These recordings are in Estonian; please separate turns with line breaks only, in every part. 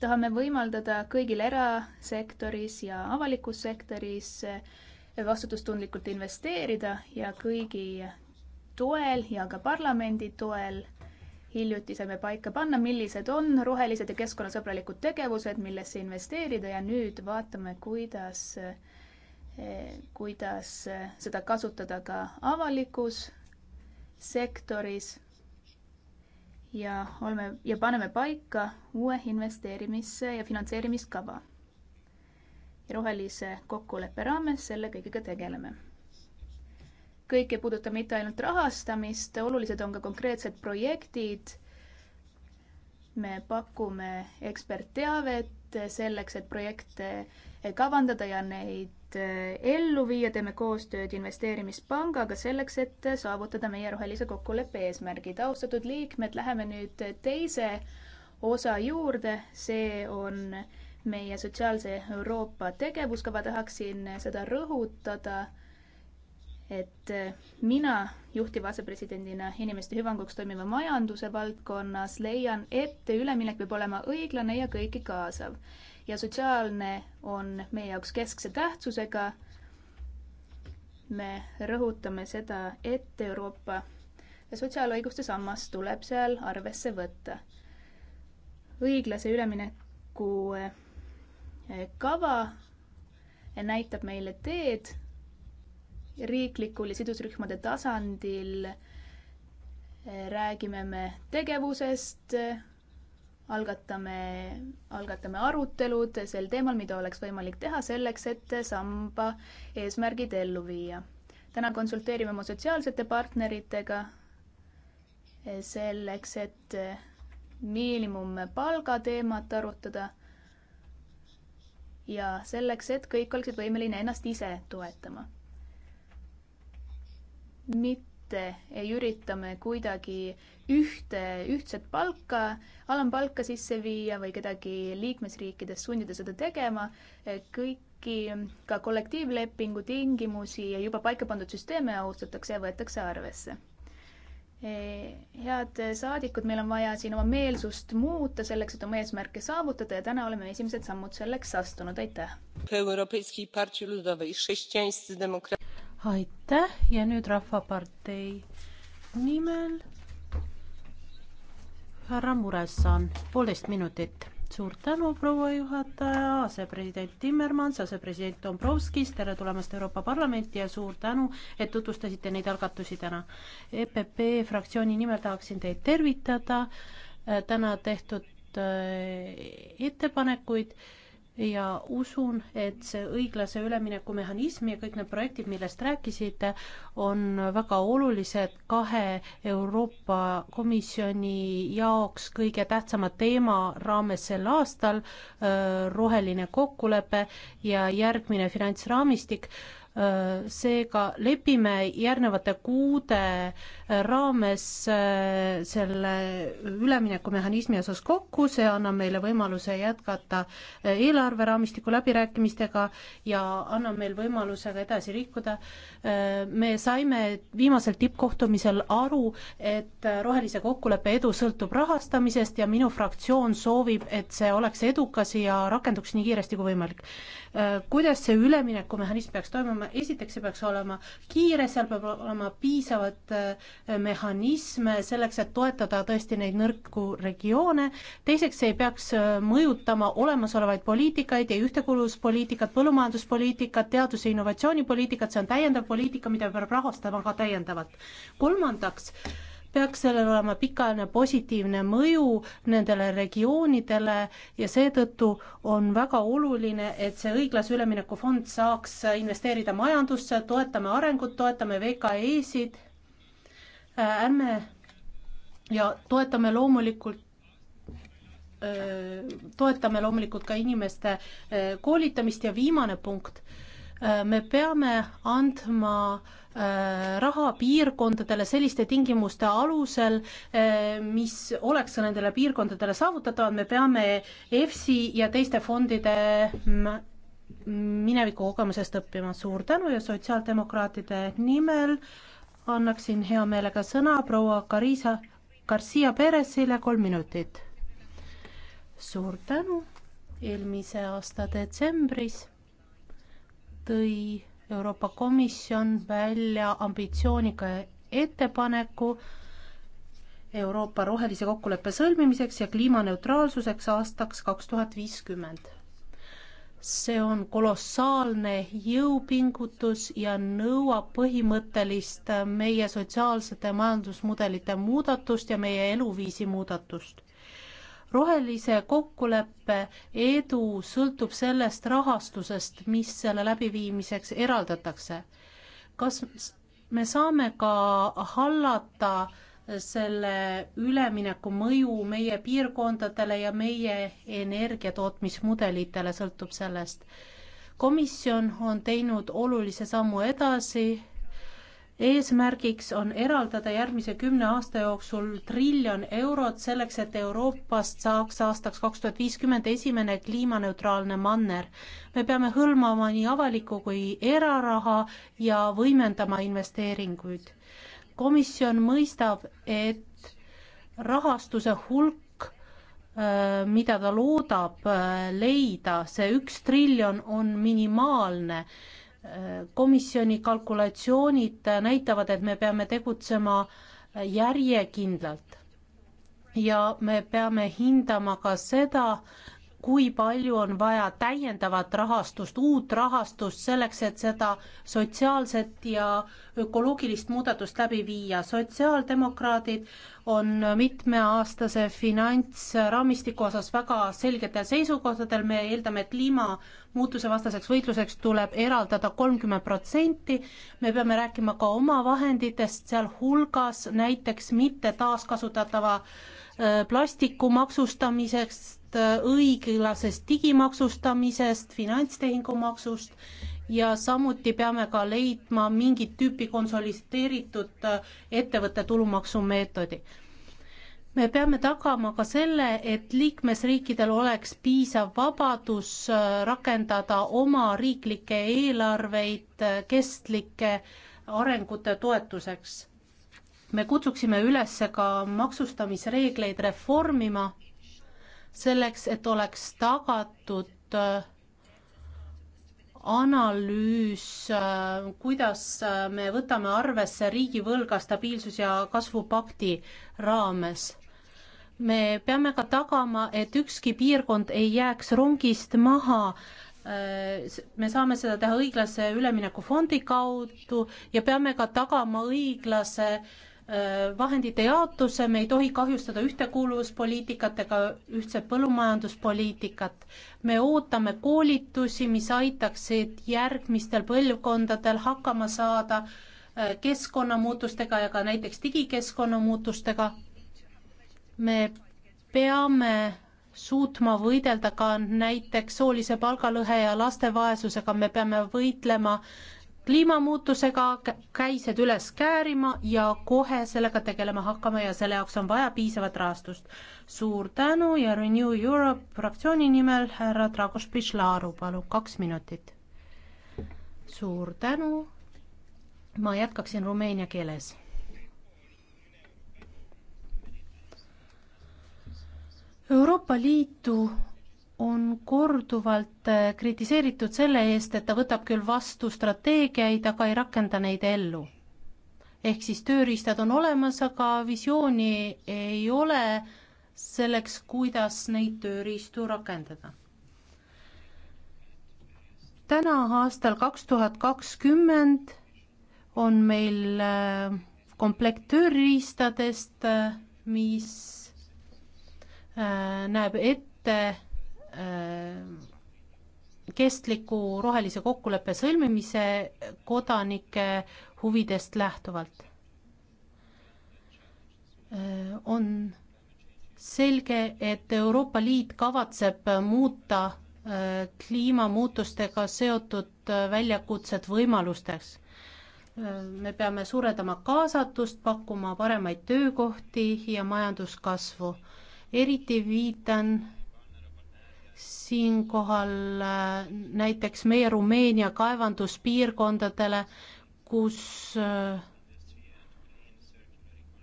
tahame võimaldada kõigil erasektoris ja avalikus sektoris eh, vastutustundlikult investeerida ja kõigi toel ja ka parlamendi toel hiljuti saime paika panna, millised on rohelised ja keskkonnasõbralikud tegevused, millesse investeerida ja nüüd vaatame, kuidas, eh, kuidas seda kasutada ka avalikus sektoris ja oleme ja paneme paika uue investeerimise ja finantseerimiskava. ja rohelise kokkuleppe raames selle kõigega tegeleme. kõik ei puuduta mitte ainult rahastamist, olulised on ka konkreetsed projektid. me pakume ekspertteavet selleks, et projekte kavandada ja neid Äh, ellu viia, teeme koostööd investeerimispangaga selleks, et saavutada meie rohelise kokkuleppe eesmärgid. austatud liikmed, läheme nüüd teise osa juurde, see on meie sotsiaalse Euroopa tegevuskava, tahaksin seda rõhutada, et äh, mina juhtiva asepresidendina inimeste hüvanguks toimiva majanduse valdkonnas leian, et üleminek peab olema õiglane ja kõiki kaasav ja sotsiaalne on meie jaoks keskse tähtsusega. me rõhutame seda, et Euroopa sotsiaalõiguste sammas tuleb seal arvesse võtta. õiglase ülemineku eh, kava näitab meile teed riiklikul ja sidusrühmade tasandil eh, räägime me tegevusest, algatame, algatame arutelud sel teemal, mida oleks võimalik teha selleks, et samba eesmärgid ellu viia. täna konsulteerime oma sotsiaalsete partneritega eh, selleks, et eh, miinimumpalga teemat arutada ja selleks, et kõik oleksid võimeline ennast ise toetama. mit-, mitte ei ürita me kuidagi ühte, ühtset palka, alampalka sisse viia või kedagi liikmesriikides sundida seda tegema, kõiki ka kollektiivlepingu tingimusi ja juba paika pandud süsteeme austatakse ja võetakse arvesse e, head saadikud, meil on vaja siin oma meelsust muuta selleks, et oma eesmärke saavutada ja täna oleme esimesed sammud selleks astunud, aitäh aitäh ja nüüd Rahvapartei nimel
härra Muresson, poolteist minutit. suur tänu, proua juhataja, asepresident Timmermans, asepresident Dombrovskis, tere tulemast Euroopa Parlamenti ja suur tänu, et tutvustasite neid algatusi täna. EPP fraktsiooni nimel tahaksin teid tervitada täna tehtud äh, ettepanekuid ja usun, et see õiglase ülemineku mehhanism ja kõik need projektid, millest rääkisite, on väga olulised kahe Euroopa Komisjoni jaoks kõige tähtsama teema raames sel aastal, äh, roheline kokkulepe ja järgmine finantsraamistik seega lepime järgnevate kuude raames äh, selle üleminekumehhanismi osas kokku, see annab meile võimaluse jätkata äh, eelarveraamistiku läbirääkimistega ja annab meil võimaluse ka edasi liikuda. Äh, me saime viimasel tippkohtumisel aru, et rohelise kokkuleppe edu sõltub rahastamisest ja minu fraktsioon soovib, et see oleks edukas ja rakenduks nii kiiresti kui võimalik. kuidas see üleminekumehhanism peaks toimuma, olema, esiteks see peaks olema kiire, seal peab olema piisavad äh, mehhanisme selleks, et toetada tõesti neid nõrku regioone, teiseks see ei peaks äh, mõjutama olemasolevaid poliitikaid ja ühtekuuluvuspoliitikat, põllumajanduspoliitikat, teadus- ja innovatsioonipoliitikat, see on täiendav poliitika, mida peab rahastama ka täiendavalt. kolmandaks, peaks sellel olema pikaajaline positiivne mõju nendele regioonidele ja seetõttu on väga oluline, et see õiglase ülemineku fond saaks investeerida majandusse, toetame arengut, toetame VKE-sid, äh, ärme ja toetame loomulikult äh, toetame loomulikult ka inimeste äh, koolitamist ja viimane punkt, me peame andma äh, Äh, raha piirkondadele selliste tingimuste alusel, äh, mis oleks ka nendele piirkondadele saavutatavad, me peame EFSI ja teiste fondide mineviku kogemusest õppima. suur tänu ja sotsiaaldemokraatide nimel annaksin hea meelega sõna proua Karisa Garcia Perezile, kolm minutit. suur tänu, eelmise aasta detsembris tõi Euroopa Komisjon välja ambitsioonika ettepaneku Euroopa rohelise kokkuleppe sõlmimiseks ja kliimaneutraalsuseks aastaks kaks tuhat viiskümmend. see on kolossaalne jõupingutus ja nõuab põhimõttelist meie sotsiaalsete majandusmudelite muudatust ja meie eluviisi muudatust rohelise kokkuleppe edu sõltub sellest rahastusest, mis selle läbiviimiseks eraldatakse. kas me saame ka hallata selle ülemineku mõju meie piirkondadele ja meie energiatootmismudelitele sõltub sellest. komisjon on teinud olulise sammu edasi eesmärgiks on eraldada järgmise kümne aasta jooksul triljon eurot selleks, et Euroopast saaks aastaks kaks tuhat viiskümmend esimene kliimaneutraalne manner. me peame hõlmama nii avalikku kui eraraha ja võimendama investeeringuid. komisjon mõistab, et rahastuse hulk äh, mida ta loodab äh, leida, see üks triljon on minimaalne komisjoni kalkulatsioonid näitavad, et me peame tegutsema järjekindlalt ja me peame hindama ka seda, kui palju on vaja täiendavat rahastust, uut rahastust selleks, et seda sotsiaalset ja ökoloogilist muudatust läbi viia. sotsiaaldemokraadid on mitmeaastase finantsraamistiku osas väga selgetel seisukohtadel, me eeldame, et kliimamuutuse vastaseks võitluseks tuleb eraldada kolmkümmend protsenti, me peame rääkima ka omavahenditest, sealhulgas näiteks mitte taaskasutatava äh, plastiku maksustamiseks, Äh, õiglasest digimaksustamisest, finantstehingu maksust ja samuti peame ka leidma mingit tüüpi konsolideeritud äh, ettevõtte tulumaksumeetodi. me peame tagama ka selle, et liikmesriikidel oleks piisav vabadus äh, rakendada oma riiklikke eelarveid kestlike arengute toetuseks. me kutsuksime üles ka maksustamisreegleid reformima selleks, et oleks tagatud äh, analüüs, äh, kuidas äh, me võtame arvesse riigivõlga stabiilsus- ja kasvupakti raames. me peame ka tagama, et ükski piirkond ei jääks rongist maha me saame seda teha õiglase üleminekufondi kaudu ja peame ka tagama õiglase äh, Äh, vahendite jaotuse, me ei tohi kahjustada ühtekuuluvuspoliitikat ega ühtset põllumajanduspoliitikat. me ootame koolitusi, mis aitaksid järgmistel põlvkondadel hakkama saada äh, keskkonnamuutustega ja ka näiteks digikeskkonna muutustega. me peame suutma võidelda ka näiteks soolise palgalõhe ja laste vaesusega, me peame võitlema äh, kliimamuutusega käised üles käärima ja kohe sellega tegelema hakkama ja selle jaoks on vaja piisavat rahastust. suur tänu ja Renew Europe fraktsiooni nimel härra Dragoš Pišlaru, palun, kaks minutit. suur tänu, ma jätkaksin rumeenia keeles. Euroopa Liitu on korduvalt äh, kritiseeritud selle eest, et ta võtab küll vastu strateegiaid, aga ei rakenda neid ellu. ehk siis tööriistad on olemas, aga visiooni ei ole selleks, kuidas neid tööriistu rakendada. täna aastal kaks tuhat kakskümmend on meil äh, komplekt tööriistadest, äh, mis näeb ette Äh, kestliku rohelise kokkuleppe sõlmimise kodanike huvidest lähtuvalt. Äh, on selge, et Euroopa Liit kavatseb muuta äh, kliimamuutustega seotud väljakutsed võimalusteks. me peame suurendama kaasatust, pakkuma paremaid töökohti ja majanduskasvu. eriti viitan siinkohal äh, näiteks meie Rumeenia kaevanduspiirkondadele, kus äh,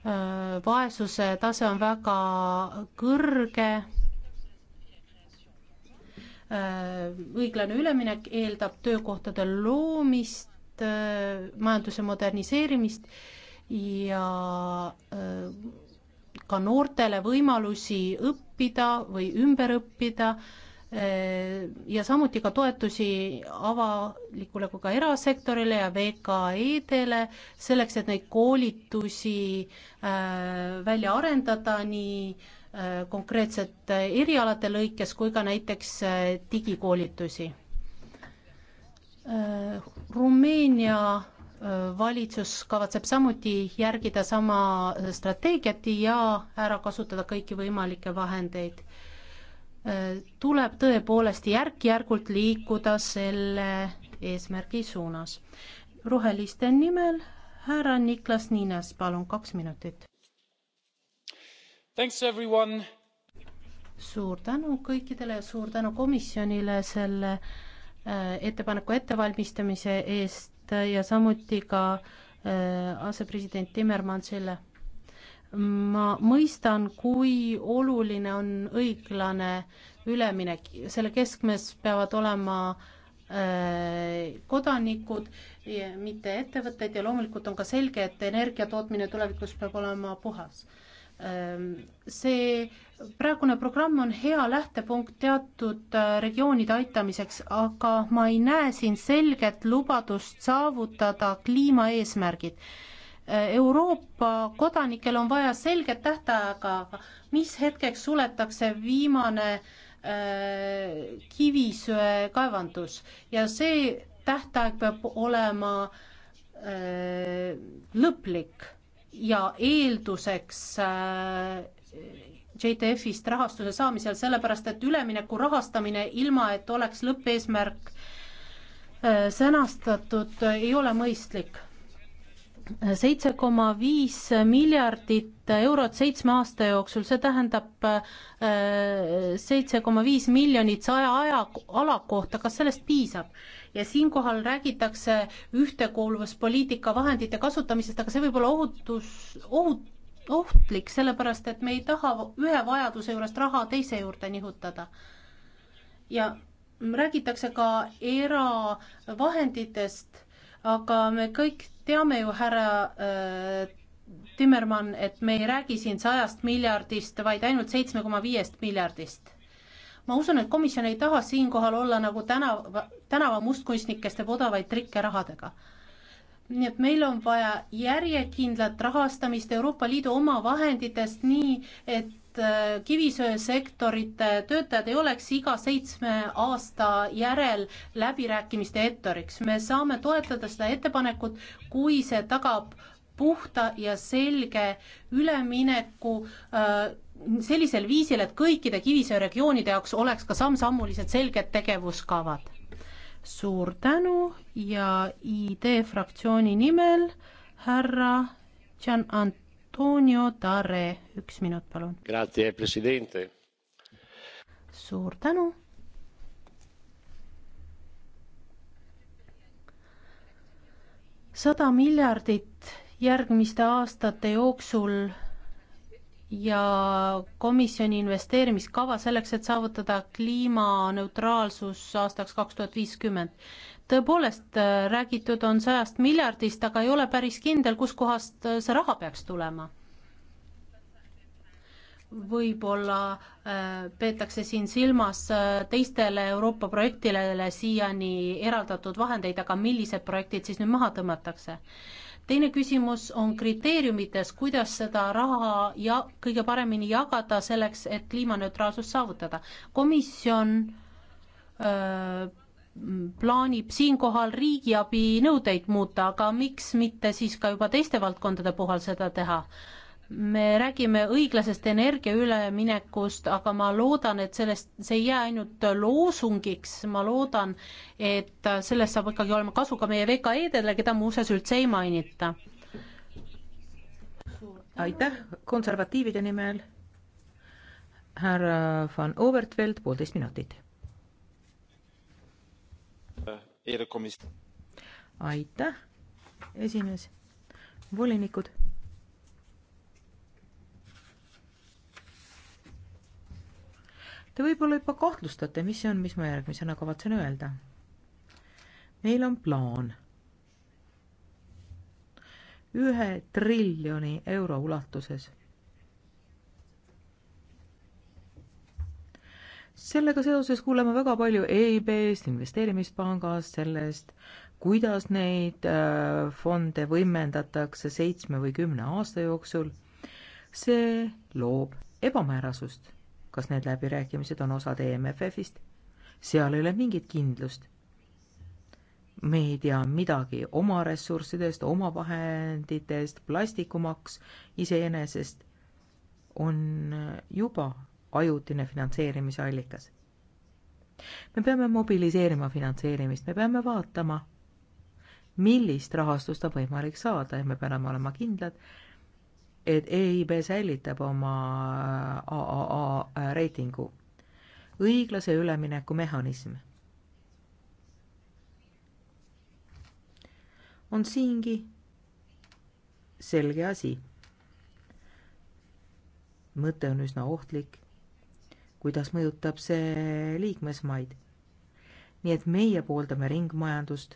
äh, vaesuse tase on väga kõrge. õiglane üleminek eeldab töökohtade loomist, majanduse moderniseerimist ja ka noortele võimalusi õppida või ümber õppida Äh, ja samuti ka toetusi avalikule kui ka erasektorile ja VKE-dele, selleks et neid koolitusi äh, välja arendada nii äh, konkreetsete erialade lõikes kui ka näiteks digikoolitusi. Rumeenia valitsus kavatseb samuti järgida sama strateegiat ja ära kasutada kõiki võimalikke vahendeid tuleb tõepoolest järk-järgult liikuda selle eesmärgi suunas. roheliste nimel härra Niklas Niines, palun kaks minutit. suur tänu kõikidele ja suur tänu komisjonile selle äh, ettepaneku ettevalmistamise eest ja samuti ka äh, asepresident Timmermansile ma mõistan, kui oluline on õiglane üleminek, selle keskmes peavad olema äh, kodanikud, mitte ettevõtted ja loomulikult on ka selge, et energia tootmine tulevikus peab olema puhas. Ähm, see praegune programm on hea lähtepunkt teatud äh, regioonide aitamiseks, aga ma ei näe siin selget lubadust saavutada kliimaeesmärgid Euroopa kodanikel on vaja selget tähtaega, mis hetkeks suletakse viimane äh, kivisöekaevandus ja see tähtaeg peab olema äh, lõplik ja eelduseks äh, JTF-ist rahastuse saamisel, sellepärast et ülemineku rahastamine ilma, et oleks lõppeesmärk äh, sõnastatud, ei ole mõistlik seitse koma viis miljardit eurot seitsme aasta jooksul, see tähendab äh, seitse koma viis miljonit saja aja, ala kohta, kas sellest piisab? ja siinkohal räägitakse ühtekuuluvuspoliitika vahendite kasutamisest, aga see võib olla ohutus, ohut-, ohtlik, sellepärast et me ei taha ühe vajaduse juurest raha teise juurde nihutada. ja räägitakse ka eravahenditest aga me kõik teame ju, härra äh, Timmermann, et me ei räägi siin sajast miljardist, vaid ainult seitsme koma viiest miljardist. ma usun, et komisjon ei taha siinkohal olla nagu tänava, tänava mustkunstnik, kes teeb odavaid trikke rahadega. nii et meil on vaja järjekindlat rahastamist Euroopa Liidu omavahenditest, nii et et äh, kivisöesektorite töötajad ei oleks iga seitsme aasta järel läbirääkimiste ettoriks. me saame toetada seda ettepanekut, kui see tagab puhta ja selge ülemineku äh, sellisel viisil, et kõikide kivisöeregioonide jaoks oleks ka samm-sammulised selged tegevuskavad. suur tänu ja ID fraktsiooni nimel härra Jan Ant-. Antonio Tarre, üks minut, palun. suur tänu. sada miljardit järgmiste aastate jooksul ja komisjoni investeerimiskava selleks, et saavutada kliimaneutraalsus aastaks kaks tuhat viiskümmend tõepoolest äh, räägitud on sajast miljardist, aga ei ole päris kindel, kuskohast äh, see raha peaks tulema. võib-olla äh, peetakse siin silmas teistele Euroopa projektidele siiani eraldatud vahendeid, aga millised projektid siis nüüd maha tõmmatakse? teine küsimus on kriteeriumites, kuidas seda raha ja kõige paremini jagada selleks, et kliimaneutraalsust saavutada. komisjon öö, plaanib siinkohal riigiabi nõudeid muuta, aga miks mitte siis ka juba teiste valdkondade puhul seda teha? me räägime õiglasest energia üleminekust, aga ma loodan, et sellest, see ei jää ainult loosungiks, ma loodan, et sellest saab ikkagi olema kasu ka meie VKE-dele, keda
muuseas üldse ei mainita. aitäh konservatiivide nimel, härra van Overtveld, poolteist minutit aitäh, esimees, volinikud. Te võib-olla juba kahtlustate, mis see on, mis ma järgmisena kavatsen öelda. meil on plaan ühe triljoni euro ulatuses sellega seoses kuuleme väga palju EIB-st, investeerimispangast, sellest, kuidas neid äh, fonde võimendatakse seitsme või kümne aasta jooksul. see loob ebamäärasust. kas need läbirääkimised on osad EMFF-ist? seal ei ole mingit kindlust. me ei tea midagi oma ressurssidest, oma vahenditest, plastikumaks iseenesest on juba ajutine finantseerimise allikas. me peame mobiliseerima finantseerimist, me peame vaatama, millist rahastust on võimalik saada ja me peame olema kindlad, et EIB säilitab oma AAA reitingu. õiglase ülemineku mehhanism on siingi selge asi. mõte on üsna ohtlik kuidas mõjutab see liikmesmaid. nii et meie pooldame ringmajandust.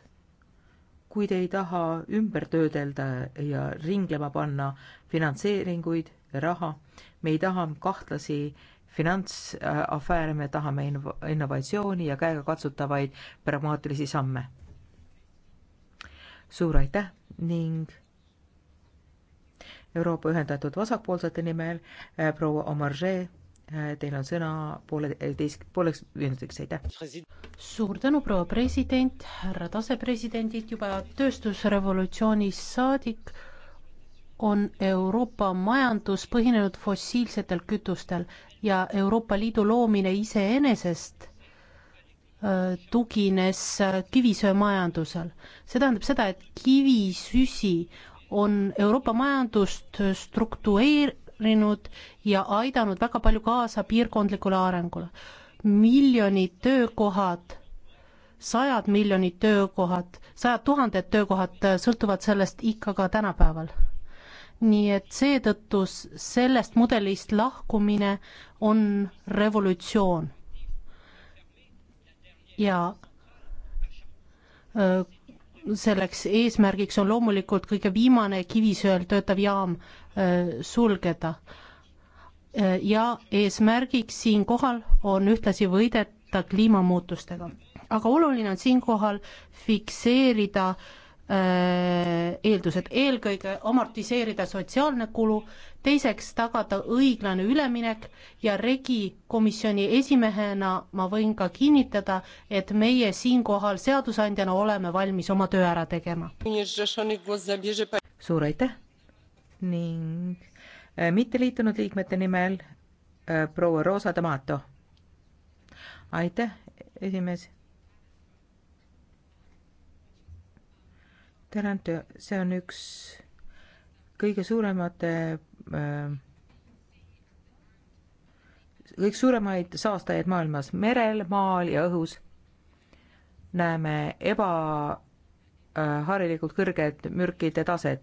kui te ei taha ümber töödelda ja ringlema panna finantseeringuid, raha, me ei taha kahtlasi finantsafääre, me tahame innov-, innovatsiooni ja käegakatsutavaid pragmaatilisi samme. suur aitäh ning Euroopa Ühendatud Vasakpoolsete nimel eh, proua Omarjee Äh, teil on sõna pooleteist, äh, pooleks minutiks, aitäh. suur tänu, proua president, härrad asepresidendid, juba
tööstusrevolutsioonist saadik on Euroopa majandus põhinenud fossiilsetel kütustel ja Euroopa Liidu loomine iseenesest äh, tugines kivisöemajandusel. see tähendab seda, et kivisüsi on Euroopa majandust struktureer-, arenenud ja aidanud väga palju kaasa piirkondlikule arengule. miljonid töökohad, sajad miljonid töökohad, sajad tuhanded töökohad sõltuvad sellest ikka ka tänapäeval. nii et seetõttu sellest mudelist lahkumine on revolutsioon. ja öö, selleks eesmärgiks on loomulikult kõige viimane kivisöel töötav jaam Äh, sulgeda. Äh, ja eesmärgiks siinkohal on ühtlasi võideta kliimamuutustega. aga oluline on siinkohal fikseerida äh, eeldused, eelkõige amortiseerida sotsiaalne kulu, teiseks tagada õiglane üleminek ja regi komisjoni esimehena ma võin ka kinnitada, et meie siinkohal seadusandjana oleme valmis oma töö ära tegema.
suur aitäh ning äh, mitteliitunud liikmete nimel äh, proua Rosa Tomato. aitäh, esimees. tänan, see on üks kõige suuremate äh, kõik suuremaid saastajaid maailmas merel, maal ja õhus. näeme ebaharilikult kõrged mürkide tased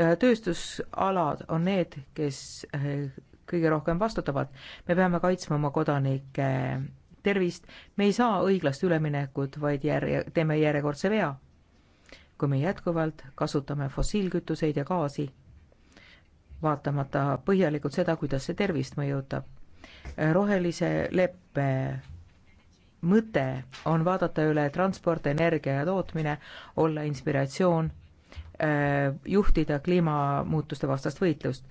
Äh, tööstusalad on need, kes äh, kõige rohkem vastutavad. me peame kaitsma oma kodanike tervist, me ei saa õiglast üleminekut, vaid järje, teeme järjekordse vea. kui me jätkuvalt kasutame fossiilkütuseid ja gaasi, vaatamata põhjalikult seda, kuidas see tervist mõjutab. Äh, rohelise leppe mõte on vaadata üle transport, energia ja tootmine, olla inspiratsioon Äh, juhtida kliimamuutuste vastast võitlust.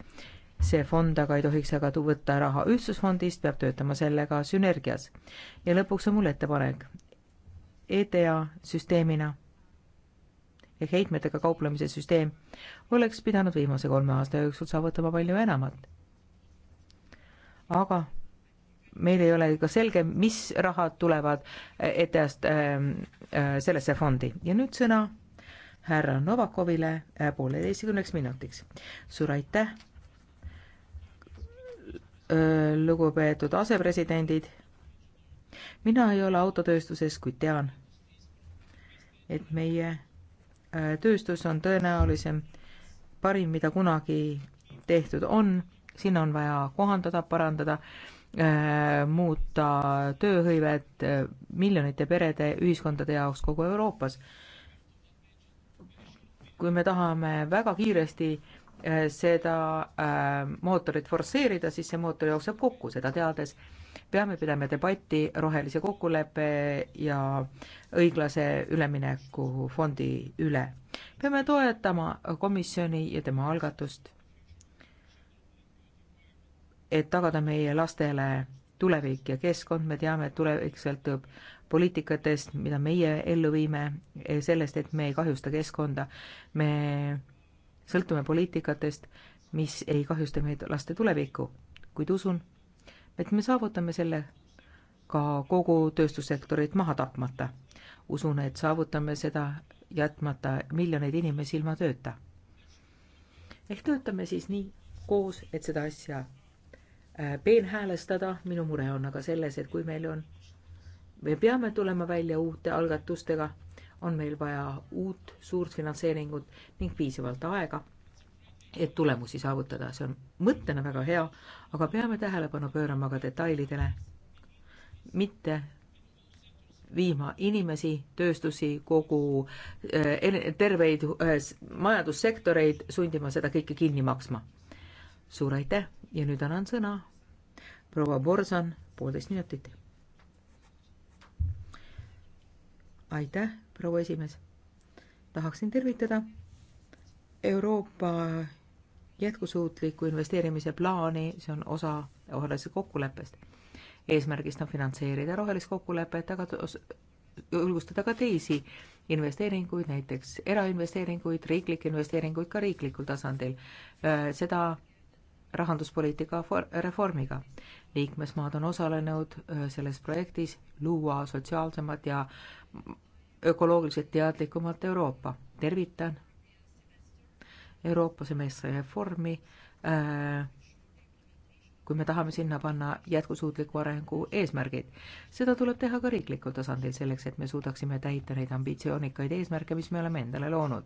see fond aga ei tohiks aga võtta raha ühtsusfondist, peab töötama sellega sünergias. ja lõpuks on mul ettepanek. ETA süsteemina ehk heitmetega kauplemise süsteem oleks pidanud viimase kolme aasta jooksul saavutama palju enamat. aga meil ei ole ka selge, mis rahad tulevad ETA-st äh, äh, sellesse fondi ja nüüd sõna härra Novakovile äh, pooleteistkümneks minutiks. suur aitäh, äh, lugupeetud asepresidendid. mina ei ole autotööstuses, kuid tean, et meie äh, tööstus on tõenäolisem parim, mida kunagi tehtud on, sinna on vaja kohandada, parandada muuta tööhõivet miljonite perede, ühiskondade jaoks kogu Euroopas kui me tahame väga kiiresti äh, seda äh, mootorit forsseerida, siis see mootor jookseb kokku, seda teades peame pidama debatti rohelise kokkuleppe ja õiglase ülemineku fondi üle. peame toetama komisjoni ja tema algatust, et tagada meie lastele tulevik ja keskkond, me teame, et tulevik sõltub poliitikatest, mida meie ellu viime, eh, sellest, et me ei kahjusta keskkonda. me sõltume poliitikatest, mis ei kahjusta meid laste tulevikku, kuid usun, et me saavutame selle ka kogu tööstussektorit maha tapmata. usun, et saavutame seda jätmata miljoneid inimesi ilma tööta. ehk töötame siis nii koos, et seda asja äh, peenhäälestada, minu mure on aga selles, et kui meil on me peame tulema välja uute algatustega, on meil vaja uut suurt finantseeringut ning piisavalt aega, et tulemusi saavutada, see on mõttena väga hea, aga peame tähelepanu pöörama ka detailidele, mitte viima inimesi, tööstusi, kogu eh, terveid eh, majandussektoreid sundima seda kõike kinni maksma. suur aitäh ja nüüd annan sõna proua Borson, poolteist minutit aitäh, proua esimees. tahaksin tervitada Euroopa jätkusuutliku investeerimise plaani, see on osa rohelisest kokkuleppest. eesmärgist on finantseerida rohelist kokkulepet, aga julgustada ka teisi investeeringuid, näiteks erainvesteeringuid, riiklikke investeeringuid ka riiklikul tasandil. Äh, seda rahanduspoliitika reformiga. liikmesmaad on osalenud äh, selles projektis luua sotsiaalsemat ja ökoloogiliselt teadlikumat Euroopa. tervitan Euroopa semestri reformi äh, kui me tahame sinna panna jätkusuutliku arengu eesmärgid. seda tuleb teha ka riiklikul tasandil, selleks et me suudaksime täita neid ambitsioonikaid eesmärke, mis me oleme endale loonud.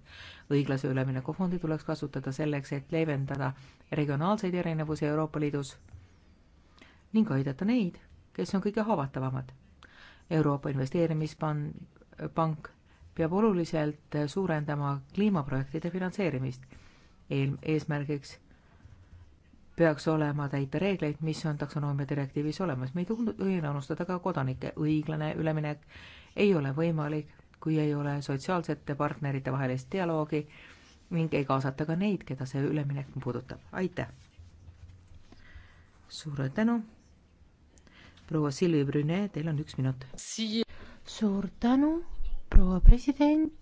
õiglase üleminekufondi tuleks kasutada selleks, et leevendada regionaalseid erinevusi Euroopa Liidus ning aidata neid, kes on kõige haavatavamad Euroopa Investeerimispank peab oluliselt suurendama kliimaprojektide finantseerimist. eel-, eesmärgiks peaks olema täita reegleid, mis on taksonoomia direktiivis olemas. me ei tohi unustada ka kodanike õiglane üleminek ei ole võimalik, kui ei ole sotsiaalsete partnerite vahelist dialoogi ning ei kaasata ka neid, keda see üleminek puudutab. aitäh! suur tänu! proua Silvi Brüne, teil on üks minut. suur tänu, proua president,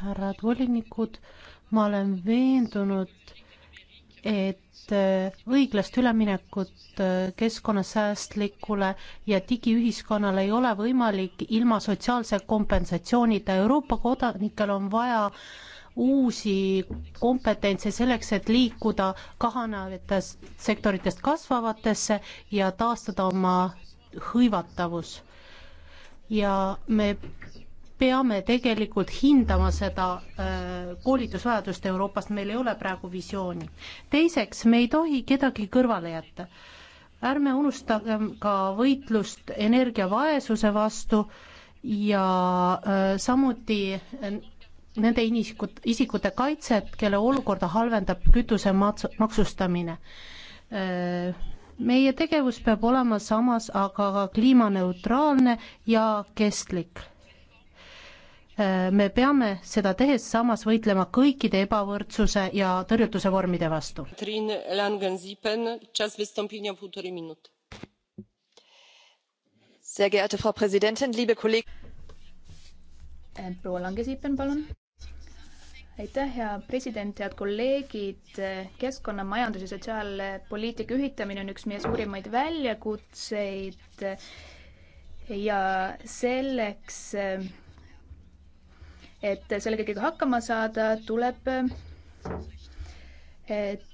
härrad volinikud,
ma olen veendunud, et äh, õiglast üleminekut äh, keskkonnasäästlikule ja digiühiskonnale ei ole võimalik ilma sotsiaalse kompensatsioonita. Euroopa kodanikel on vaja uusi kompetentse selleks, et liikuda kahanevatest sektoritest kasvavatesse ja taastada oma hõivatavus. ja me peame tegelikult hindama seda äh, koolitusvajadust Euroopast, meil ei ole praegu visiooni. teiseks, me ei tohi kedagi kõrvale jätta. ärme unustagem ka võitlust energiavaesuse vastu ja äh, samuti äh, nende isikut, isikute kaitset, kelle olukorda halvendab kütuse maksustamine meie tegevus peab olema samas aga ka kliimaneutraalne ja kestlik. me peame seda tehes samas võitlema kõikide ebavõrdsuse ja tõrjutuse vormide vastu.
proua Lange-Siepen, palun aitäh, hea president, head kolleegid. keskkonna, majandus ja sotsiaalpoliitika ühitamine on üks meie suurimaid väljakutseid. ja selleks, et selle kõigega hakkama saada, tuleb,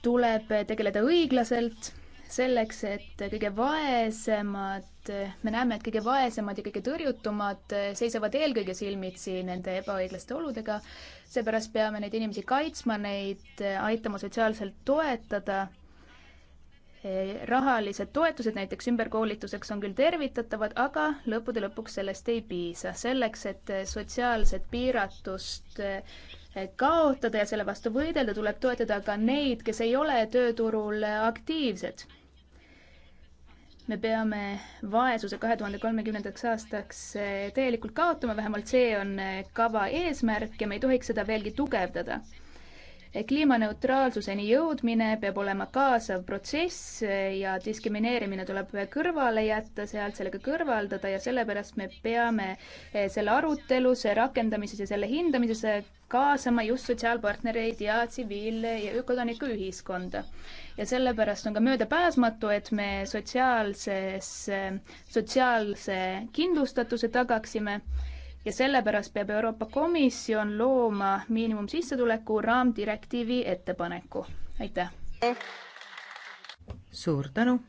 tuleb tegeleda õiglaselt selleks, et kõige vaesemad Eh, me näeme, et kõige vaesemad ja kõige tõrjutumad eh, seisavad eelkõige silmitsi nende ebaõiglaste oludega. seepärast peame neid inimesi kaitsma, neid eh, aitama sotsiaalselt toetada. rahalised toetused näiteks ümberkoolituseks on küll tervitatavad, aga lõppude lõpuks sellest ei piisa. selleks, et sotsiaalset piiratust kaotada ja selle vastu võidelda, tuleb toetada ka neid, kes ei ole tööturul aktiivsed me peame vaesuse kahe tuhande kolmekümnendaks aastaks eh, täielikult kaotama, vähemalt see on eh, kava eesmärk ja me ei tohiks seda veelgi tugevdada. Eh, kliimaneutraalsuseni jõudmine peab olema kaasav protsess ja diskrimineerimine tuleb kõrvale jätta, sealt sellega kõrvaldada ja sellepärast me peame selle arutelus, rakendamises ja selle hindamises kaasama just sotsiaalpartnereid ja tsiviil- ja kodanikuühiskonda. ja sellepärast on ka möödapääsmatu, et me sotsiaalses, sotsiaalse kindlustatuse tagaksime ja sellepärast peab Euroopa Komisjon looma miinimumsissetuleku raamdirektiivi ettepaneku. aitäh!
suur
tänu!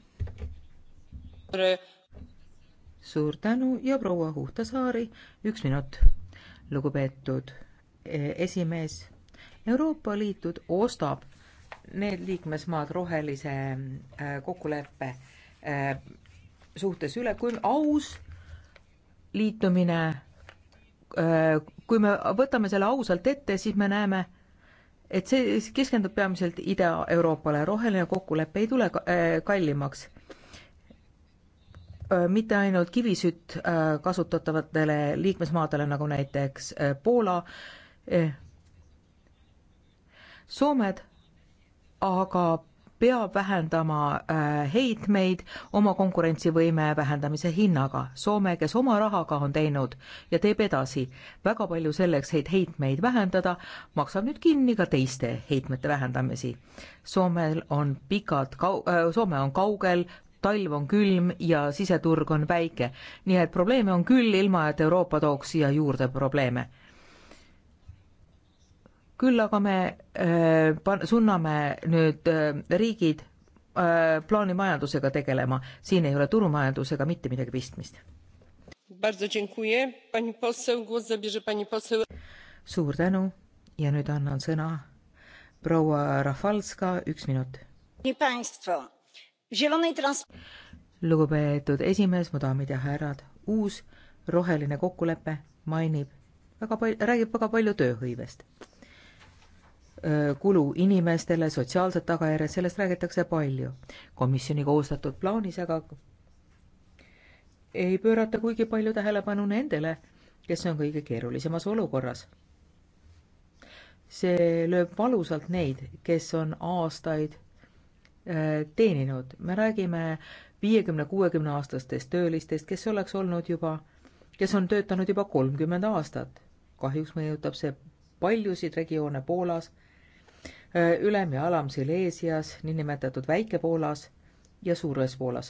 suur tänu ja proua Huhtasaari, üks minut. lugupeetud esimees. Euroopa Liitud ostab need liikmesmaad rohelise äh, kokkuleppe äh, suhtes üle, kui aus liitumine, äh, kui me võtame selle ausalt ette, siis me näeme, et see keskendub peamiselt Ida-Euroopale, roheline kokkulepe ei tule kallimaks mitte ainult kivisütt kasutatavatele liikmesmaadele, nagu näiteks Poola, E. Soomed aga peab vähendama äh, heitmeid oma konkurentsivõime vähendamise hinnaga. Soome, kes oma rahaga on teinud ja teeb edasi väga palju selleks, et heitmeid vähendada, maksab nüüd kinni ka teiste heitmete vähendamisi. Soomel on pikad kau-, äh, Soome on kaugel, talv on külm ja siseturg on väike, nii et probleeme on küll, ilma et Euroopa tooks siia juurde probleeme küll aga me äh, sunname nüüd äh, riigid äh, plaanimajandusega tegelema, siin ei ole turumajandusega mitte midagi pistmist. suur tänu ja nüüd annan sõna proua Rafalska, üks minut. lugupeetud esimees, mu daamid ja härrad, uus roheline kokkulepe mainib väga palju, räägib väga palju tööhõivest Äh, kulu inimestele, sotsiaalsed tagajärjed, sellest räägitakse palju. komisjoni koostatud plaanis aga ei pöörata kuigi palju tähelepanu nendele, kes on kõige keerulisemas olukorras. see lööb valusalt neid, kes on aastaid äh, teeninud, me räägime viiekümne, kuuekümne aastastest töölistest, kes oleks olnud juba, kes on töötanud juba kolmkümmend aastat. kahjuks mõjutab see paljusid regioone Poolas Äh, Ülem- ja Alam-Sileesias, niinimetatud Väike-Poolas ja Suures Poolas.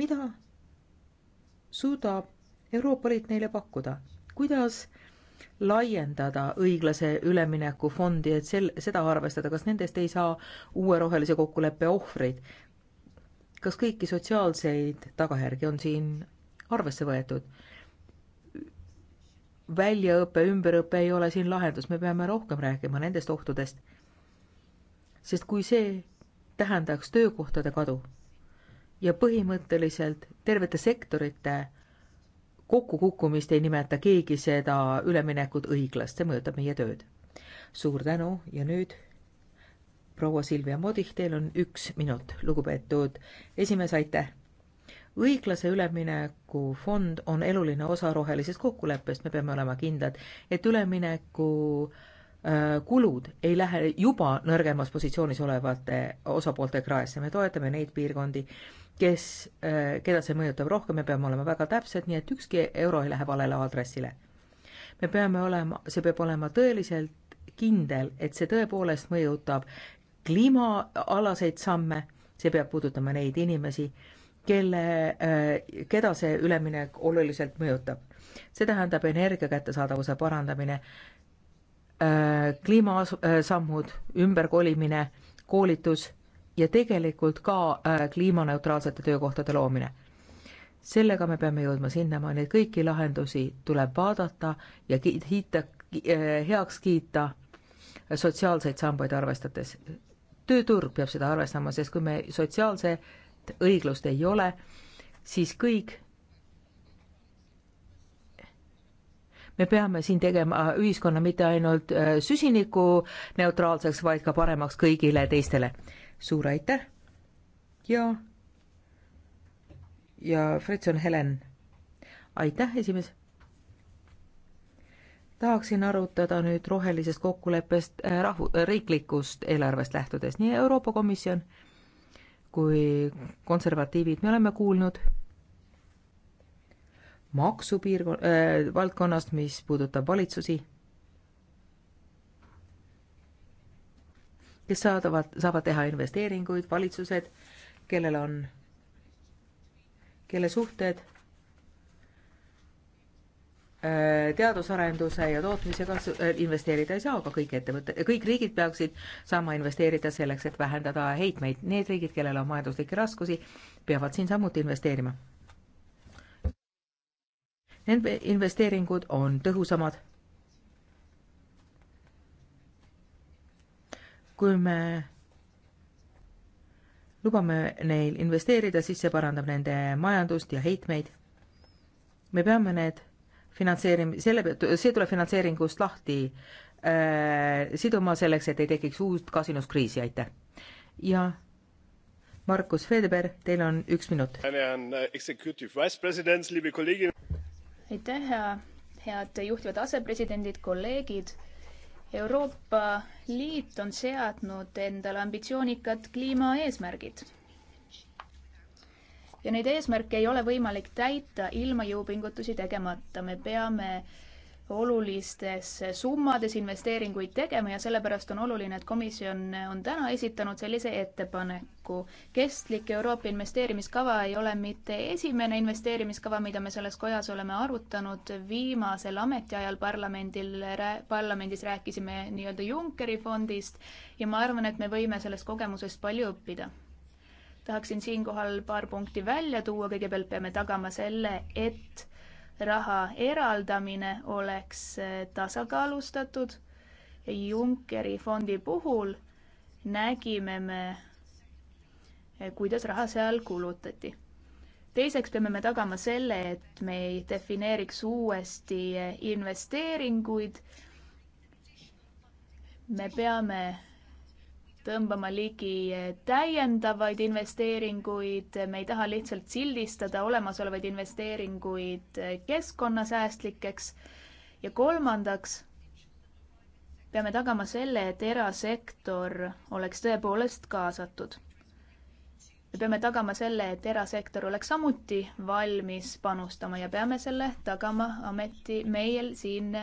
mida suudab Euroopa Liit neile pakkuda, kuidas laiendada õiglase ülemineku fondi, et sel, seda arvestada, kas nendest ei saa uue rohelise kokkuleppe ohvreid? kas kõiki sotsiaalseid tagajärgi on siin arvesse võetud? väljaõpe, ümberõpe ei ole siin lahendus, me peame rohkem rääkima nendest ohtudest. sest kui see tähendaks töökohtade kadu ja põhimõtteliselt tervete sektorite kokkukukkumist ei nimeta keegi seda üleminekut õiglast, see mõjutab meie tööd. suur tänu ja nüüd proua Silvia Modich, teil on üks minut, lugupeetud esimees, aitäh õiglase ülemineku fond on eluline osa rohelisest kokkuleppest, me peame olema kindlad, et ülemineku äh, kulud ei lähe juba nõrgemas positsioonis olevate osapoolte kraesse, me toetame neid piirkondi, kes, äh, keda see mõjutab rohkem, me peame olema väga täpsed, nii et ükski euro ei lähe valele aadressile. me peame olema, see peab olema tõeliselt kindel, et see tõepoolest mõjutab kliimaalaseid samme, see peab puudutama neid inimesi, kelle, äh, keda see üleminek oluliselt mõjutab. see tähendab energia kättesaadavuse parandamine, äh, kliimasammud, äh, ümberkolimine, koolitus ja tegelikult ka kliimaneutraalsete töökohtade loomine. sellega me peame jõudma sinnamaani, et kõiki lahendusi tuleb vaadata ja kiita, heaks kiita sotsiaalseid sambaid arvestades. tööturg peab seda arvestama, sest kui me sotsiaalse äh, et õiglust ei ole, siis kõik me peame siin tegema ühiskonna mitte ainult äh, süsinikuneutraalseks, vaid ka paremaks kõigile teistele. suur aitäh ja, ja Fritson Helen. aitäh, esimees. tahaksin arutada nüüd rohelisest kokkuleppest äh, rahvu-, riiklikust eelarvest lähtudes, nii Euroopa Komisjon kui konservatiivid, me oleme kuulnud maksupiirkon- äh,, valdkonnast, mis puudutab valitsusi, kes saadavad, saavad teha investeeringuid, valitsused, kellel on, kelle suhted Äh, teadusarenduse ja tootmisega äh, investeerida ei saa, aga kõik ettevõtte, kõik riigid peaksid saama investeerida selleks, et vähendada heitmeid. Need riigid, kellel on majanduslikke raskusi, peavad siin samuti investeerima. Need investeeringud on tõhusamad. kui me lubame neil investeerida, siis see parandab nende majandust ja heitmeid. me peame need finantseerim-, selle, see tuleb finantseeringust lahti äh, siduma selleks, et ei tekiks uut kasinuskriisi, aitäh. ja Markus Fedeber, teil on üks minut.
Äh,
aitäh ja head juhtivad asepresidendid, kolleegid. Euroopa Liit on seadnud endale ambitsioonikad kliimaeesmärgid ja neid eesmärke ei ole võimalik täita ilma jõupingutusi tegemata. me peame olulistes summades investeeringuid tegema ja sellepärast on oluline, et komisjon on täna esitanud sellise ettepaneku. kestlik Euroopa investeerimiskava ei ole mitte esimene investeerimiskava, mida me selles kojas oleme arutanud. viimasel ametiajal parlamendil, parlamendis rääkisime nii-öelda Junckeri fondist ja ma arvan, et me võime sellest kogemusest palju õppida tahaksin siinkohal paar punkti välja tuua, kõigepealt peame tagama selle, et raha eraldamine oleks eh, tasakaalustatud. Junckeri fondi puhul nägime me, eh, kuidas raha seal kulutati. teiseks peame me tagama selle, et me ei defineeriks uuesti eh, investeeringuid. me peame tõmbama ligi täiendavaid investeeringuid, me ei taha lihtsalt sildistada olemasolevaid investeeringuid keskkonnasäästlikeks. ja kolmandaks peame tagama selle, et erasektor oleks tõepoolest kaasatud. me peame tagama selle, et erasektor oleks samuti valmis panustama ja peame selle tagama ameti meil siin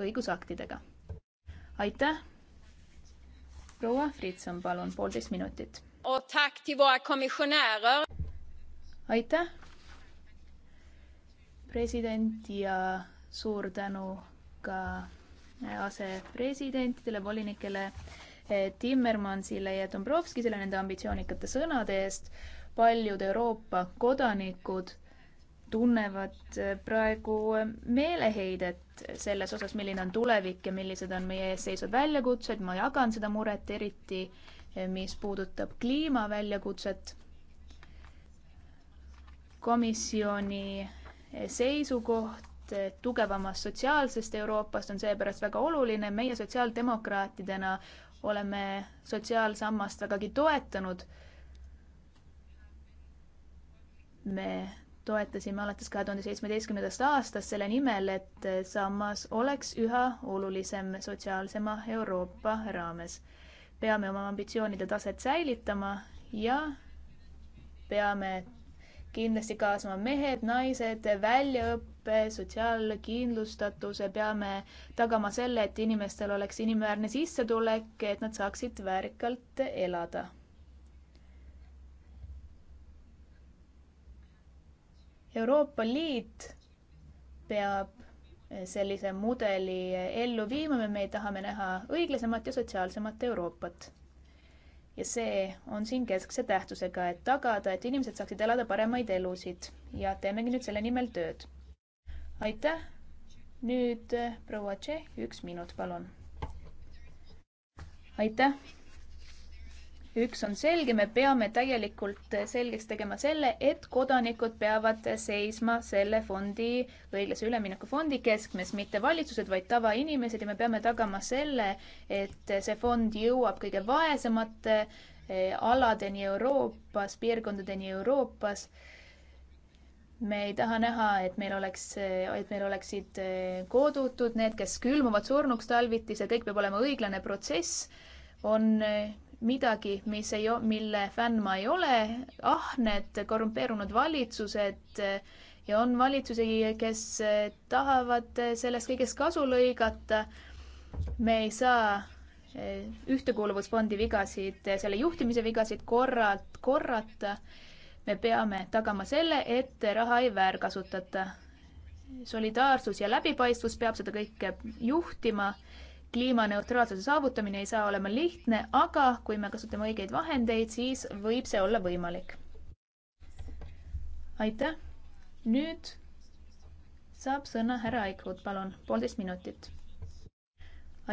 õigusaktidega. aitäh proua Fritson, palun, poolteist minutit. aitäh, president ja suur tänu ka äh, asepresidentidele, volinikele äh, Timmermansile ja Dombrovskisele nende ambitsioonikate sõnade eest. paljud Euroopa kodanikud tunnevad äh, praegu äh, meeleheidet selles osas, milline on tulevik ja millised on meie ees seisvad väljakutsed, ma jagan seda muret eriti, äh, mis puudutab kliimaväljakutset. komisjoni seisukoht tugevamast sotsiaalsest Euroopast on seepärast väga oluline, meie sotsiaaldemokraatidena oleme sotsiaalsammast vägagi toetanud. me toetasime alates kahe tuhande seitsmeteistkümnendast aastast selle nimel, et sammas oleks üha olulisem sotsiaalsema Euroopa raames. peame oma ambitsioonide taset säilitama ja peame kindlasti kaasama mehed, naised, väljaõppe, sotsiaalkindlustatuse, peame tagama selle, et inimestel oleks inimväärne sissetulek, et nad saaksid väärikalt elada Euroopa Liit peab eh, sellise mudeli eh, ellu viima, me tahame näha õiglasemat ja sotsiaalsemat Euroopat. ja see on siin keskse tähtsusega, et tagada, et inimesed saaksid elada paremaid elusid ja teemegi nüüd selle nimel tööd. aitäh. nüüd eh, proua Tšehh, üks minut, palun. aitäh üks on selge, me peame täielikult selgeks tegema selle, et kodanikud peavad seisma selle fondi, õiglase ülemineku fondi keskmes, mitte valitsused, vaid tavainimesed ja me peame tagama selle, et see fond jõuab kõige vaesemate eh, aladeni Euroopas, piirkondadeni Euroopas me ei taha näha, et meil oleks, et meil oleksid eh, kodutud need, kes külmuvad surnuks talviti, see kõik peab olema õiglane protsess. on eh, midagi, mis ei, mille fänn ma ei ole, ahned, korrumpeerunud valitsused ja on valitsusi, kes tahavad sellest kõigest kasu lõigata. me ei saa eh, ühtekuuluvusfondi vigasid, selle juhtimise vigasid korralt, korrata. me peame tagama selle, et raha ei väärkasutata. solidaarsus ja läbipaistvus peab seda kõike juhtima kliimaneutraalsuse saavutamine ei saa olema lihtne, aga kui me kasutame õigeid vahendeid, siis võib see olla võimalik. aitäh. nüüd saab sõna härra Aikrut, palun, poolteist minutit.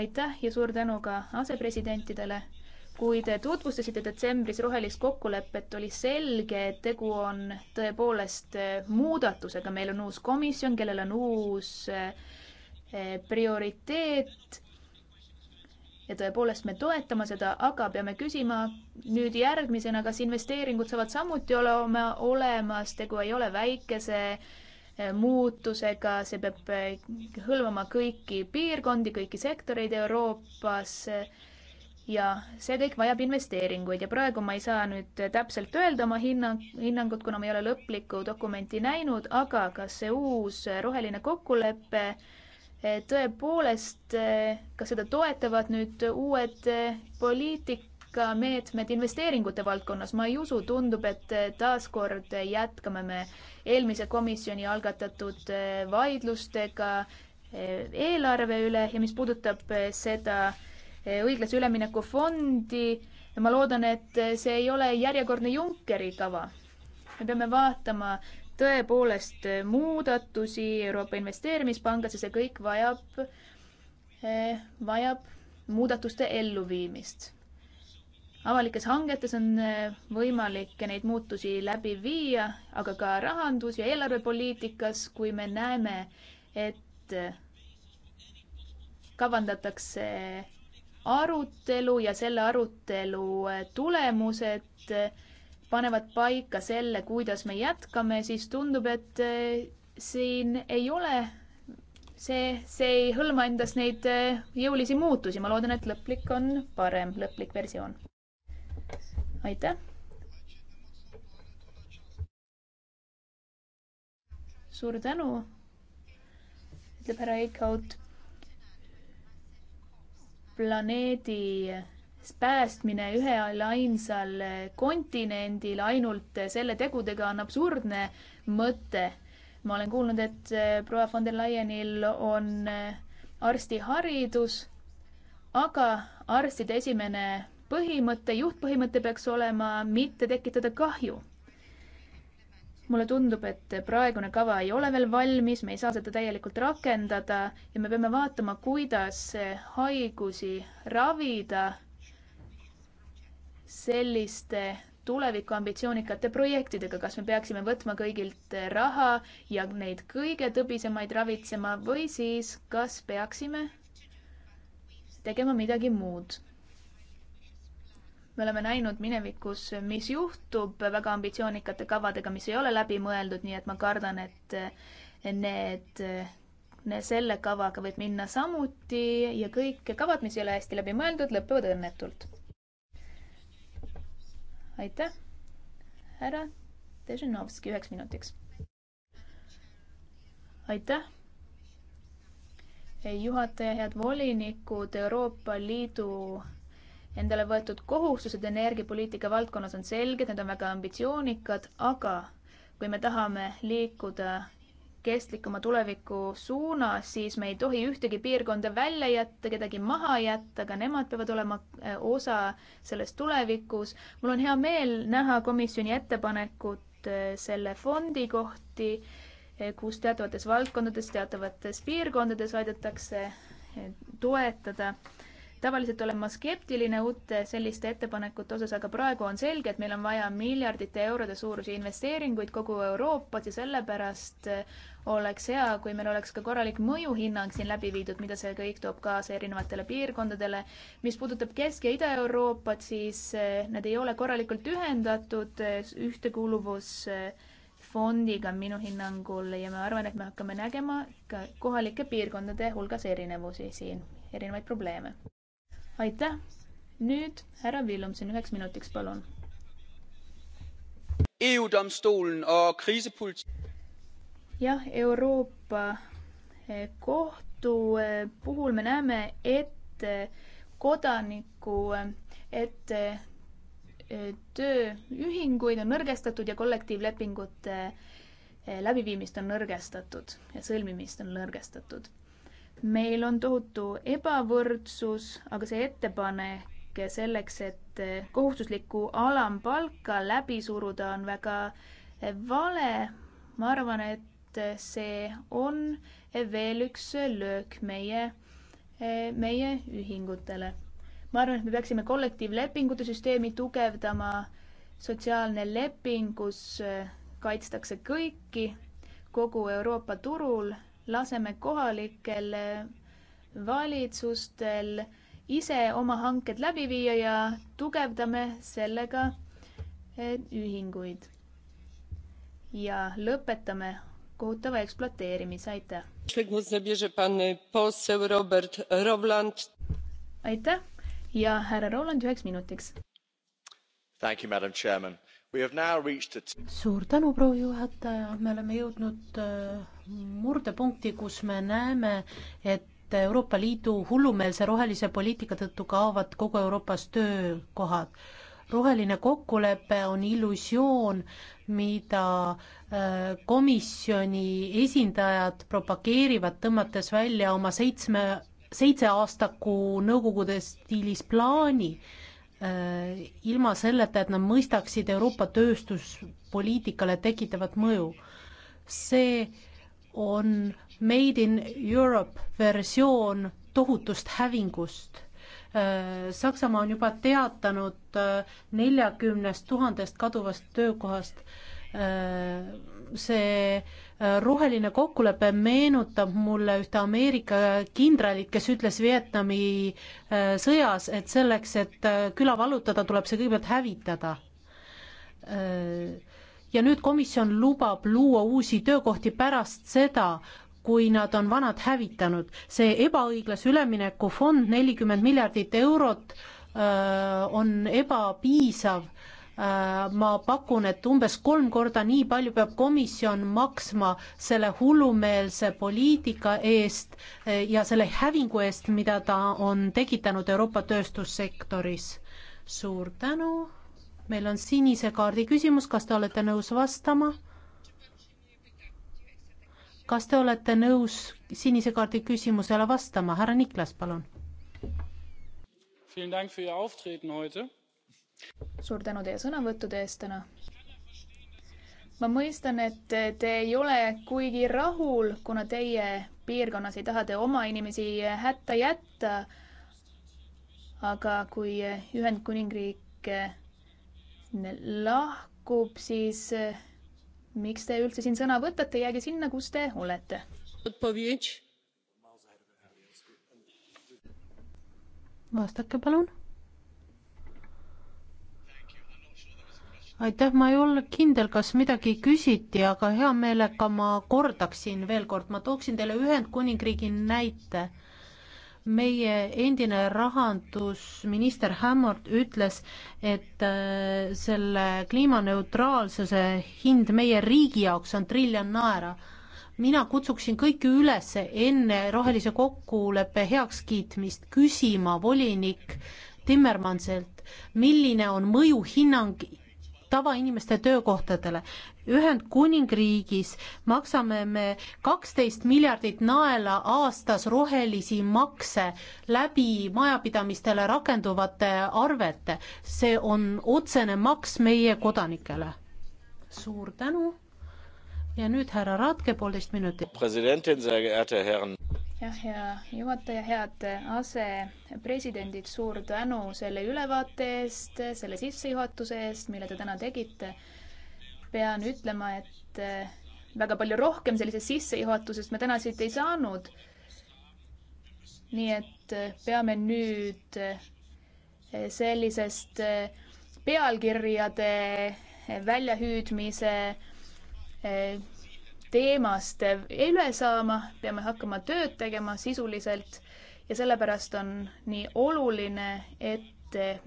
aitäh ja suur tänu ka asepresidentidele. kui te tutvustasite detsembris rohelist kokkulepet, oli selge, et tegu on tõepoolest eh, muudatusega, meil on uus komisjon, kellel on uus eh, eh, prioriteet ja tõepoolest me toetame seda, aga peame küsima nüüd järgmisena, kas investeeringud saavad samuti olema olemas, tegu ei ole väikese eh, muutusega, see peab eh, hõlmama kõiki piirkondi, kõiki sektoreid Euroopas ja see kõik vajab investeeringuid ja praegu ma ei saa nüüd täpselt öelda oma hinnang, hinnangut, kuna ma ei ole lõplikku dokumenti näinud, aga kas see uus roheline kokkulepe äh, Eh, tõepoolest eh, ka seda toetavad nüüd uued eh, poliitikameetmed investeeringute valdkonnas. ma ei usu, tundub, et taaskord jätkame me eelmise komisjoni algatatud vaidlustega eelarve üle ja mis puudutab seda õiglase ülemineku fondi, ma loodan, et see ei ole järjekordne Junckeri kava. me peame vaatama tõepoolest muudatusi Euroopa Investeerimispangas ja see kõik vajab, eh, vajab muudatuste elluviimist. avalikes hangetes on eh, võimalik neid muutusi läbi viia, aga ka rahandus- ja eelarvepoliitikas, kui me näeme, et eh, kavandatakse arutelu ja selle arutelu tulemused panevad paika selle, kuidas me jätkame, siis tundub, et eh, siin ei ole, see, see ei hõlma endas neid eh, jõulisi muutusi. ma loodan, et lõplik on parem, lõplik versioon. aitäh. suur tänu, ütleb härra Eikhaut. planeedi päästmine ühel ainsal kontinendil ainult selle tegudega on absurdne mõte. ma olen kuulnud, et äh, proua von der Leyenil on äh, arstiharidus, aga arstide esimene põhimõte, juhtpõhimõte peaks olema mitte tekitada kahju. mulle tundub, et praegune kava ei ole veel valmis, me ei saa seda täielikult rakendada ja me peame vaatama, kuidas äh, haigusi ravida selliste tulevikuambitsioonikate projektidega, kas me peaksime võtma kõigilt raha ja neid kõige tõbisemaid ravitsema või siis kas peaksime tegema midagi muud? me oleme näinud minevikus, mis juhtub väga ambitsioonikate kavadega, mis ei ole läbimõeldud, nii et ma kardan, et need ne, selle kavaga võib minna samuti ja kõik kavad, mis ei ole hästi läbi mõeldud, lõpevad õnnetult aitäh, härra Dežanovski üheks minutiks. aitäh. juhataja, head volinikud, Euroopa Liidu endale võetud kohustused energiapoliitika valdkonnas on selged, need on väga ambitsioonikad, aga kui me tahame liikuda kestlikuma tuleviku suunas, siis me ei tohi ühtegi piirkonda välja jätta, kedagi maha jätta, ka nemad peavad olema äh, osa sellest tulevikus. mul on hea meel näha komisjoni ettepanekut äh, selle fondi kohti, äh, kus teatavates valdkondades, teatavates piirkondades aidatakse toetada äh, tavaliselt olen ma skeptiline uute selliste ettepanekute osas, aga praegu on selge, et meil on vaja miljardite eurode suurusi investeeringuid kogu Euroopas ja sellepärast eh, oleks hea, kui meil oleks ka korralik mõjuhinnang siin läbi viidud, mida see kõik toob kaasa erinevatele piirkondadele. mis puudutab Kesk- ja Ida-Euroopat, siis eh, need ei ole korralikult ühendatud eh, ühtekuuluvus fondiga minu hinnangul ja ma arvan, et me hakkame nägema ka kohalike piirkondade hulgas erinevusi siin, erinevaid probleeme aitäh. nüüd härra Villumsen üheks minutiks, palun. E jah, Euroopa eh, kohtu eh, puhul me näeme, et eh, kodaniku, et tööühinguid on nõrgestatud ja kollektiivlepingute läbiviimist on nõrgestatud ja sõlmimist on nõrgestatud meil on tohutu ebavõrdsus, aga see ettepanek selleks, et kohustuslikku alampalka läbi suruda, on väga vale. ma arvan, et see on veel üks löök meie, meie ühingutele. ma arvan, et me peaksime kollektiivlepingute süsteemi tugevdama. sotsiaalne leping, kus kaitstakse kõiki kogu Euroopa turul laseme kohalikel eh, valitsustel ise oma hanked läbi viia ja tugevdame sellega eh, ühinguid. ja lõpetame kohutava ekspluateerimise, aitäh. aitäh ja härra Roland üheks minutiks. suur tänu, proua juhataja, me oleme jõudnud
eh, murdepunkti, kus me näeme, et Euroopa Liidu hullumeelse rohelise poliitika tõttu kaovad kogu Euroopas töökohad. roheline kokkulepe on illusioon, mida äh, komisjoni esindajad propageerivad, tõmmates välja oma seitsme, seitseaastaku Nõukogude stiilis plaani, äh, ilma selleta, et nad mõistaksid Euroopa tööstuspoliitikale tekitavat mõju. see äh, on Made in Europe versioon tohutust hävingust. Äh, Saksamaa on juba teatanud äh, neljakümnest tuhandest kaduvast töökohast. Äh, see roheline kokkulepe meenutab mulle ühte Ameerika kindralit, kes ütles Vietnami sõjas, et selleks, et küla vallutada, tuleb see kõigepealt hävitada ja nüüd komisjon lubab luua uusi töökohti pärast seda, kui nad on vanad hävitanud. see ebaõiglase ülemineku fond, nelikümmend miljardit eurot, äh, on ebapiisav. Äh, ma pakun, et umbes kolm korda nii palju peab komisjon maksma selle hullumeelse poliitika eest äh, ja selle hävingu eest, mida ta on tekitanud Euroopa tööstussektoris. suur tänu meil on sinise kaardi küsimus, kas te olete nõus vastama? kas te olete nõus sinise kaardi küsimusele vastama, härra Niklas, palun?
suur tänu teie sõnavõttude eest täna ma mõistan, et te ei ole kuigi rahul, kuna teie piirkonnas ei taha te oma inimesi hätta jätta. aga kui Ühendkuningriik lahkub, siis eh, miks te üldse siin sõna võtate, jääge sinna, kus te olete. vastake palun.
aitäh, ma ei ole kindel, kas midagi küsiti, aga hea meelega ma kordaksin veel kord, ma tooksin teile Ühendkuningriigi näite meie endine rahandusminister Hammond ütles, et äh, selle kliimaneutraalsuse hind meie riigi jaoks on triljon naera. mina kutsuksin kõiki üles enne rohelise kokkuleppe heakskiitmist küsima volinik Timmermanselt, milline on mõjuhinnang tavainimeste töökohtadele. Ühendkuningriigis maksame me kaksteist miljardit naela aastas rohelisi makse läbi majapidamistele rakenduvate arvete. see on otsene maks meie kodanikele. suur tänu ja nüüd härra Ratke,
poolteist minutit
jah, hea juhataja, head asepresidendid, suur tänu selle ülevaate eest, selle sissejuhatuse eest, mille te täna tegite. pean ütlema, et eh, väga palju rohkem sellisest sissejuhatusest me täna siit ei saanud. nii et eh, peame nüüd eh, sellisest pealkirjade väljahüüdmise teemast üle saama, peame hakkama tööd tegema sisuliselt ja sellepärast on nii oluline, et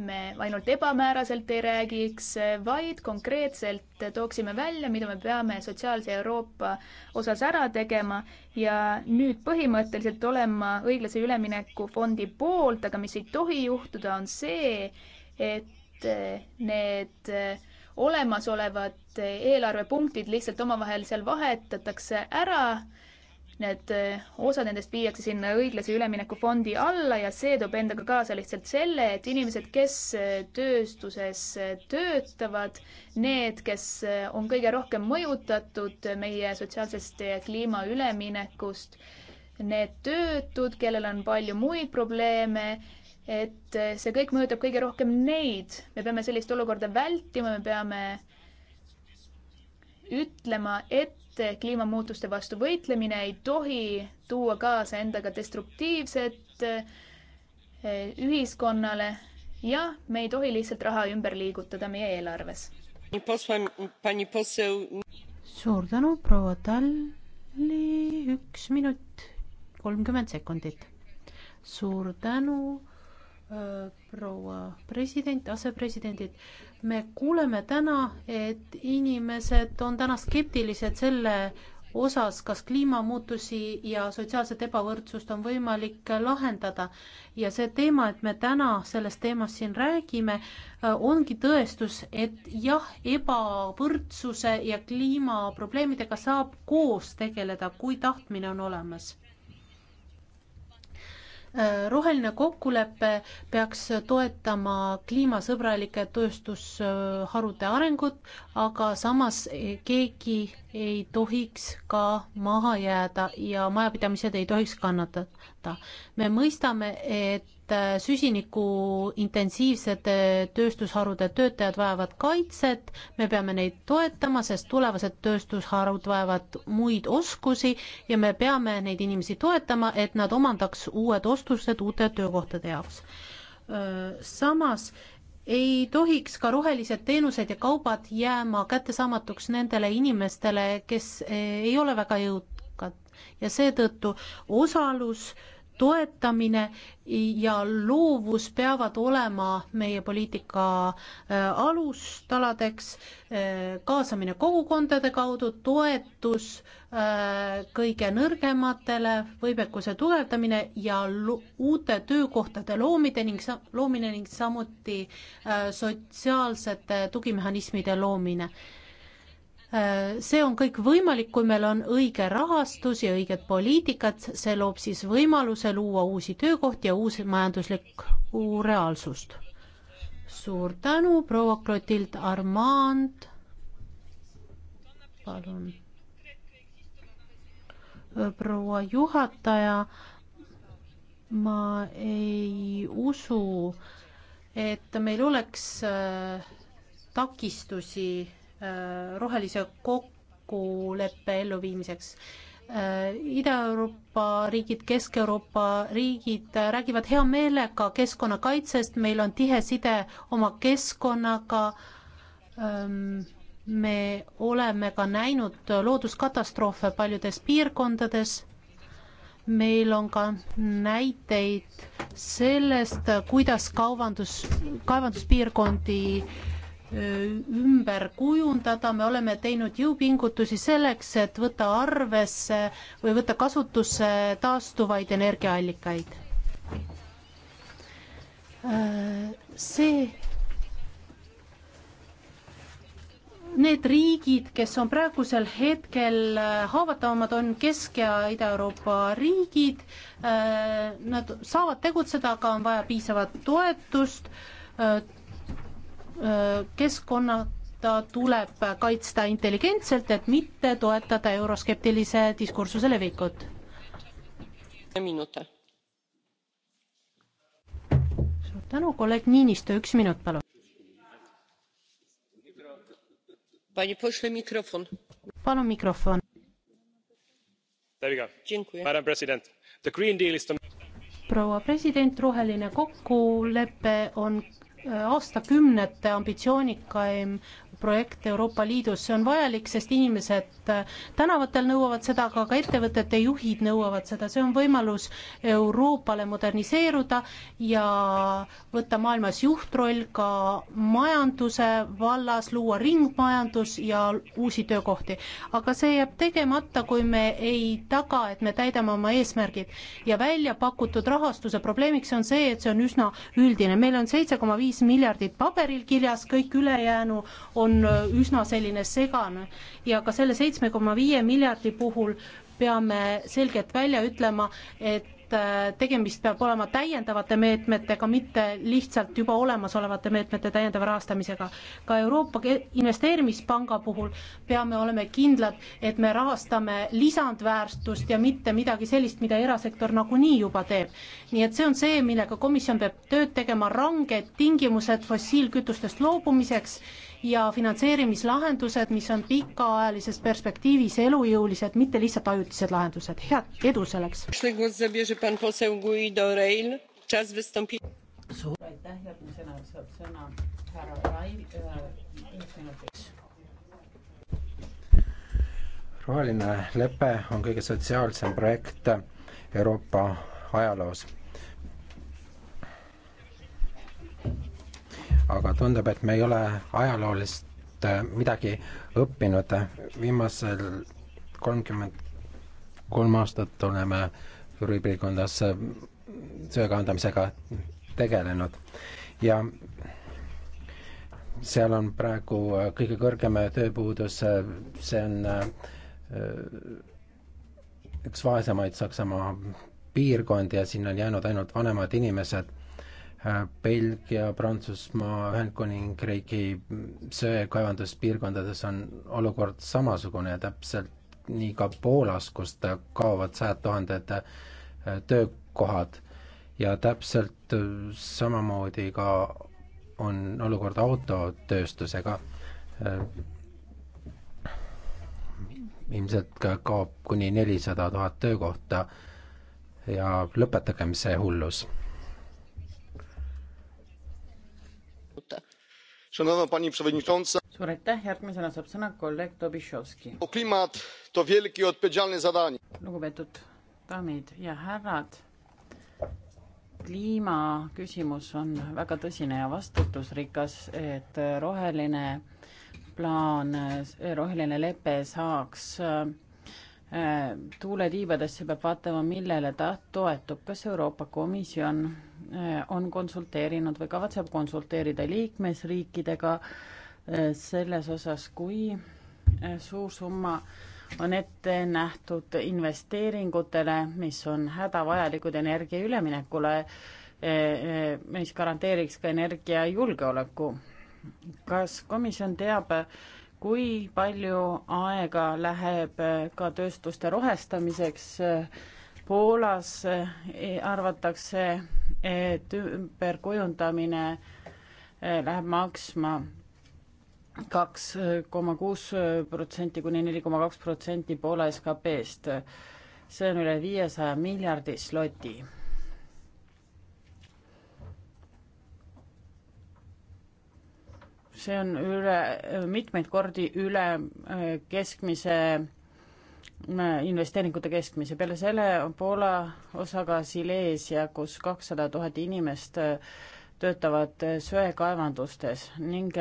me ainult ebamääraselt ei räägiks, vaid konkreetselt tooksime välja, mida me peame sotsiaalse Euroopa osas ära tegema ja nüüd põhimõtteliselt olema õiglase ülemineku fondi poolt, aga mis ei tohi juhtuda, on see, et need olemasolevad eelarvepunktid lihtsalt omavahel seal vahetatakse ära. Need, eh, osa nendest viiakse sinna õiglase ülemineku fondi alla ja see toob endaga kaasa lihtsalt selle, et inimesed, kes eh, tööstuses eh, töötavad, need, kes on kõige rohkem mõjutatud meie sotsiaalsest kliima üleminekust, need töötud, kellel on palju muid probleeme, et eh, see kõik mõjutab kõige rohkem neid. me peame sellist olukorda vältima, me peame ütlema, et kliimamuutuste vastu võitlemine ei tohi tuua kaasa endaga destruktiivset eh, ühiskonnale ja me ei tohi lihtsalt raha ümber liigutada meie eelarves. suur
tänu, proua Talli, üks minut kolmkümmend sekundit. suur tänu proua president, asepresidendid, me kuuleme täna, et inimesed on täna skeptilised selle osas, kas kliimamuutusi ja sotsiaalset ebavõrdsust on võimalik lahendada. ja see teema, et me täna sellest teemast siin räägime, ongi tõestus, et jah, ebavõrdsuse ja kliimaprobleemidega saab koos tegeleda, kui tahtmine on olemas Äh, roheline kokkulepe peaks toetama kliimasõbralike tööstusharude arengut, aga samas keegi ei tohiks ka maha jääda ja majapidamised ei tohiks kannatada. me mõistame, et et äh, süsinikuintensiivsete tööstusharude töötajad vajavad kaitset, me peame neid toetama, sest tulevased tööstusharud vajavad muid oskusi ja me peame neid inimesi toetama, et nad omandaks uued oskused uute töökohtade jaoks. Äh, samas ei tohiks ka rohelised teenused ja kaubad jääma kättesaamatuks nendele inimestele, kes äh, ei ole väga jõukad ja seetõttu osalus äh, toetamine ja loovus peavad olema meie poliitika äh, alustaladeks, äh, kaasamine kogukondade kaudu, toetus äh, kõige nõrgematele, võimekuse tugevdamine ja uute töökohtade loomine ning sa-, loomine ning samuti sotsiaalsete tugimehhanismide loomine Äh, see on kõik võimalik, kui meil on õige rahastus ja õiged poliitikad, see loob siis võimaluse luua uusi töökohti ja uus majanduslikku reaalsust. suur tänu, proua Clotilde Armand. palun. Äh, proua juhataja, ma ei usu, et meil oleks äh, takistusi Äh, rohelise kokkuleppe elluviimiseks. Äh, Ida-Euroopa riigid, Kesk-Euroopa riigid räägivad hea meelega keskkonnakaitsest, meil on tihe side oma keskkonnaga, ähm, me oleme ka näinud looduskatastroofe paljudes piirkondades meil on ka näiteid sellest, kuidas kaubandus, kaevanduspiirkondi ümber kujundada, me oleme teinud jõupingutusi selleks, et võtta arvesse või võtta kasutusse taastuvaid energiaallikaid. see, need riigid, kes on praegusel hetkel haavatavamad, on Kesk- ja Ida-Euroopa riigid, nad saavad tegutseda, aga on vaja piisavat toetust, keskkonnata tuleb kaitsta intelligentselt, et mitte toetada euroskeptilise diskursuse levikut. suur tänu, kolleeg Niinistö, üks minut, palun. palun mikrofon. proua president, roheline kokkulepe on aastakümnete ambitsioonikaim projekt Euroopa Liidus, see on vajalik, sest inimesed äh, tänavatel nõuavad seda, aga ka ettevõtete juhid nõuavad seda, see on võimalus Euroopale moderniseeruda ja võtta maailmas juhtroll ka majanduse vallas, luua ringmajandus ja uusi töökohti. aga see jääb tegemata, kui me ei taga, et me täidame oma eesmärgid ja välja pakutud rahastuse probleemiks on see, et see on üsna üldine, meil on seitse koma viis miljardit paberil kirjas, kõik ülejäänu on on äh, üsna selline segane ja ka selle seitsme koma viie miljardi puhul peame selgelt välja ütlema, et äh, tegemist peab olema täiendavate meetmetega, mitte lihtsalt juba olemasolevate meetmete täiendava rahastamisega. ka Euroopa Investeerimispanga puhul peame olema kindlad, et me rahastame lisandväärtust ja mitte midagi sellist, mida erasektor nagunii juba teeb. nii et see on see, millega komisjon peab tööd tegema, ranged tingimused fossiilkütustest loobumiseks ja finantseerimislahendused, mis on pikaajalises perspektiivis elujõulised, mitte lihtsalt ajutised lahendused. head edu selleks!
suur aitäh, järgmisena saab sõna härra Rail äh, üheks minutiks.
roheline lepe on kõige sotsiaalsem projekt Euroopa ajaloos aga tundub, et me ei ole ajaloolist äh, midagi õppinud. viimasel kolmkümmend kolm aastat oleme Jüri piirkondas äh, söökandamisega tegelenud ja seal on praegu äh, kõige kõrgem tööpuudus, see on üks vaesemaid Saksamaa piirkondi ja sinna on jäänud ainult vanemad inimesed Äh, Belgia, Prantsusmaa, Ühendkuningriigi söekaevanduspiirkondades on olukord samasugune ja täpselt nii ka Poolas, kust kaovad sajad tuhanded äh, töökohad ja täpselt äh, samamoodi ka on olukord autotööstusega. ilmselt ka kaob kuni nelisada tuhat töökohta ja lõpetagem see hullus
suur aitäh, järgmisena saab sõna kolleeg Tobišovski. lugupeetud daamid ja härrad, kliimaküsimus on väga tõsine ja vastutusrikas, et roheline plaan, roheline lepe saaks Äh, tuuletiibadesse peab vaatama, millele ta toetub, kas Euroopa Komisjon äh, on konsulteerinud või kavatseb konsulteerida liikmesriikidega äh, selles osas, kui suur summa on ette nähtud investeeringutele, mis on hädavajalikud energia üleminekule, mis garanteeriks ka energiajulgeoleku. kas komisjon teab, kui palju aega läheb äh, ka tööstuste rohestamiseks? Äh, Poolas äh, e-, arvatakse, et ümberkujundamine läheb maksma kaks koma kuus protsenti kuni neli koma kaks protsenti Poola SKP-st. see on üle viiesaja miljardi sloti see on üle, mitmeid kordi üle äh, keskmise äh, investeeringute keskmise, peale selle on Poola osa ka Silesia, kus kakssada tuhat inimest äh, töötavad söekaevandustes ning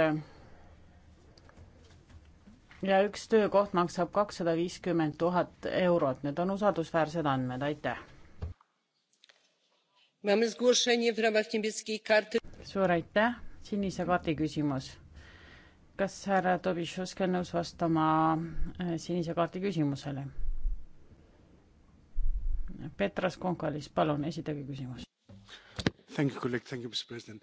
ja üks töökoht maksab kakssada viiskümmend tuhat eurot, need on usaldusväärsed andmed, aitäh. suur aitäh, sinise kaardi küsimus kas härra Tobišusk on nõus vastama äh, sinise kaardi küsimusele? Petras Konkalis, palun, esitage küsimus.
Uh,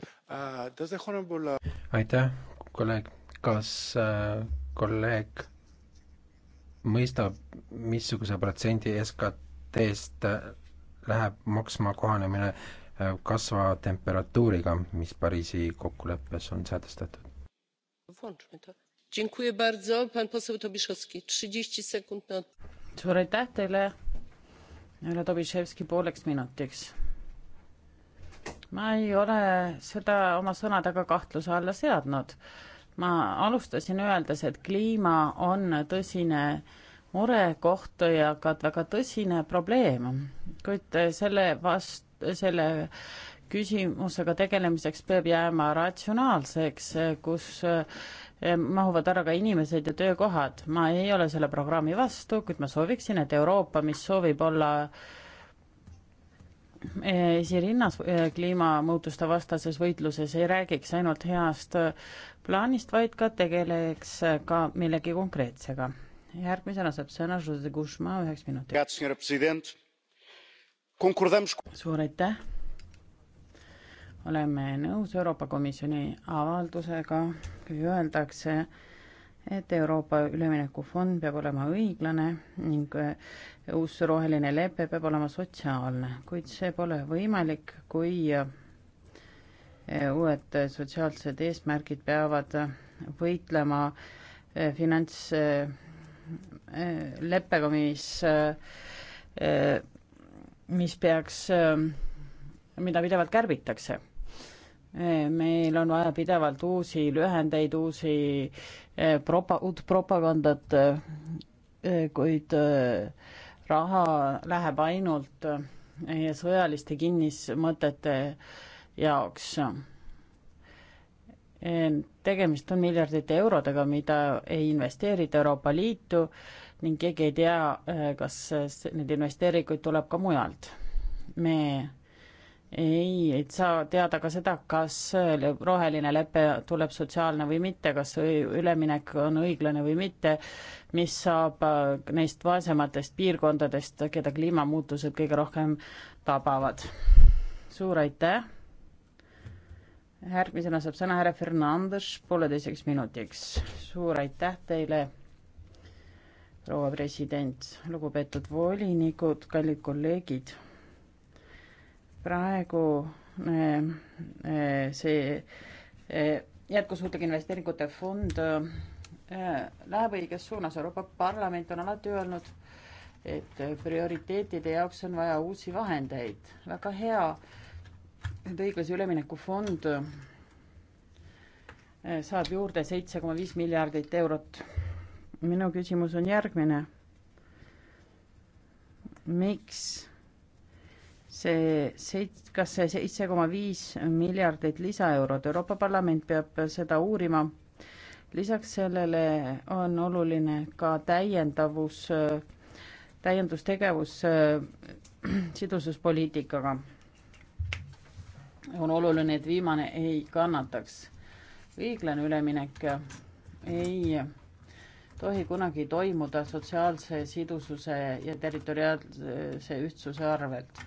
uh, aitäh, kolleeg, kas äh, kolleeg mõistab, missuguse protsendi SKT-st äh, läheb maksma kohanemine äh, kasvava temperatuuriga, mis Pariisi kokkuleppes on sätestatud?
suur aitäh teile, härra Tobiševski, pooleks minutiks. ma ei ole seda oma sõnadega kahtluse alla seadnud. ma alustasin öeldes, et kliima on tõsine murekoht ja ka väga tõsine probleem, kuid selle vast-, selle küsimusega tegelemiseks peab jääma ratsionaalseks, kus eh, mahuvad ära ka inimesed ja töökohad. ma ei ole selle programmi vastu, kuid ma sooviksin, et Euroopa, mis soovib olla eh, esirinnas eh, kliimamuutuste vastases võitluses, ei räägiks ainult heast plaanist, vaid ka tegeleks ka millegi konkreetsega. järgmisena saab sõna Jose Guzma üheks minutiks. suur aitäh oleme nõus Euroopa Komisjoni avaldusega, kui öeldakse, et Euroopa Üleminekufond peab olema õiglane ning eh, uus roheline lepe peab olema sotsiaalne, kuid see pole võimalik, kui eh, uued sotsiaalsed eesmärgid peavad võitlema eh, finantsleppega, mis, mis peaks, mida pidevalt kärbitakse meil on vaja pidevalt uusi lühendeid, uusi eh, propa-, uut propagandat, eh, eh, kuid raha läheb ainult sõjaliste kinnismõtete jaoks. tegemist on miljardite eurodega, mida ei investeerita Euroopa Liitu ning keegi ei tea, kas neid investeeringuid tuleb ka mujalt. me ei, ei saa teada ka seda, kas roheline lepe tuleb sotsiaalne või mitte, kas üleminek on õiglane või mitte, mis saab äh, neist vaesematest piirkondadest, keda kliimamuutused kõige rohkem tabavad. suur aitäh! järgmisena saab sõna härra Fernandes pooleteiseks minutiks. suur aitäh teile, proua president, lugupeetud volinikud, kallid kolleegid praegu eh, eh, see eh, jätkusuutlike investeeringute fond läheb õiges suunas. Euroopa Parlament on alati öelnud, et prioriteetide jaoks on vaja uusi vahendeid. väga hea, et õiglase ülemineku fond saab juurde seitse koma viis miljardit eurot. minu küsimus on järgmine. miks see seit-, kas see seitse koma viis miljardit lisaeurot, Euroopa Parlament peab seda uurima. lisaks sellele on oluline ka täiendavus, täiendustegevus äh, sidususpoliitikaga. on oluline, et viimane ei kannataks. õiglane üleminek ei tohi kunagi toimuda sotsiaalse sidususe ja territoriaalse ühtsuse arvelt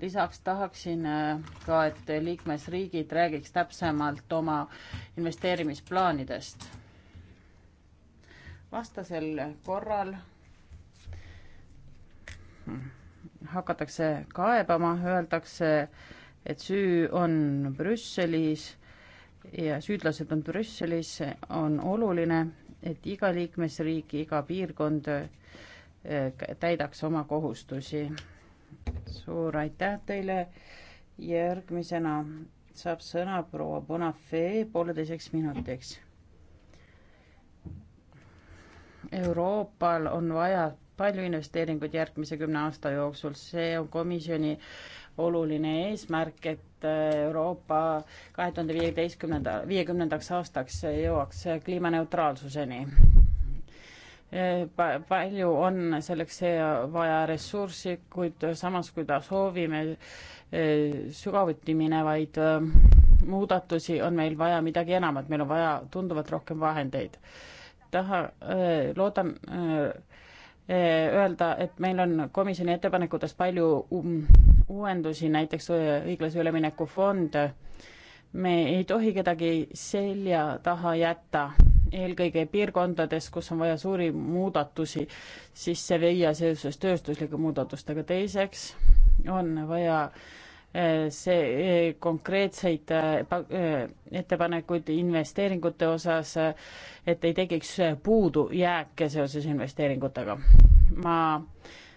lisaks tahaksin äh, ka, et liikmesriigid räägiks täpsemalt oma investeerimisplaanidest. vastasel korral hakatakse kaebama, öeldakse, et süü on Brüsselis ja süüdlased on Brüsselis, on oluline, et iga liikmesriik, iga piirkond äh, täidaks oma kohustusi suur aitäh teile. järgmisena saab sõna proua Bonafé pooleteiseks minutiks. Euroopal on vaja palju investeeringuid järgmise kümne aasta jooksul, see on komisjoni oluline eesmärk, et Euroopa kahe tuhande viieteistkümnenda, viiekümnendaks aastaks jõuaks kliimaneutraalsuseni Eh, palju on selleks vaja ressurssi, kuid samas, kui ta soovime eh, sügavuti minevaid eh, muudatusi, on meil vaja midagi enamat, meil on vaja tunduvalt rohkem vahendeid. taha, loodan öelda, et meil on komisjoni ettepanekutes palju um-, uuendusi, näiteks õiglase ülemineku fond, me ei tohi kedagi selja taha jätta eelkõige piirkondades, kus on vaja suuri muudatusi sisse viia seoses tööstuslike muudatustega. teiseks on vaja eh, see eh, konkreetseid eh, ettepanekuid investeeringute osas, et ei tekiks puudujääke seoses investeeringutega. ma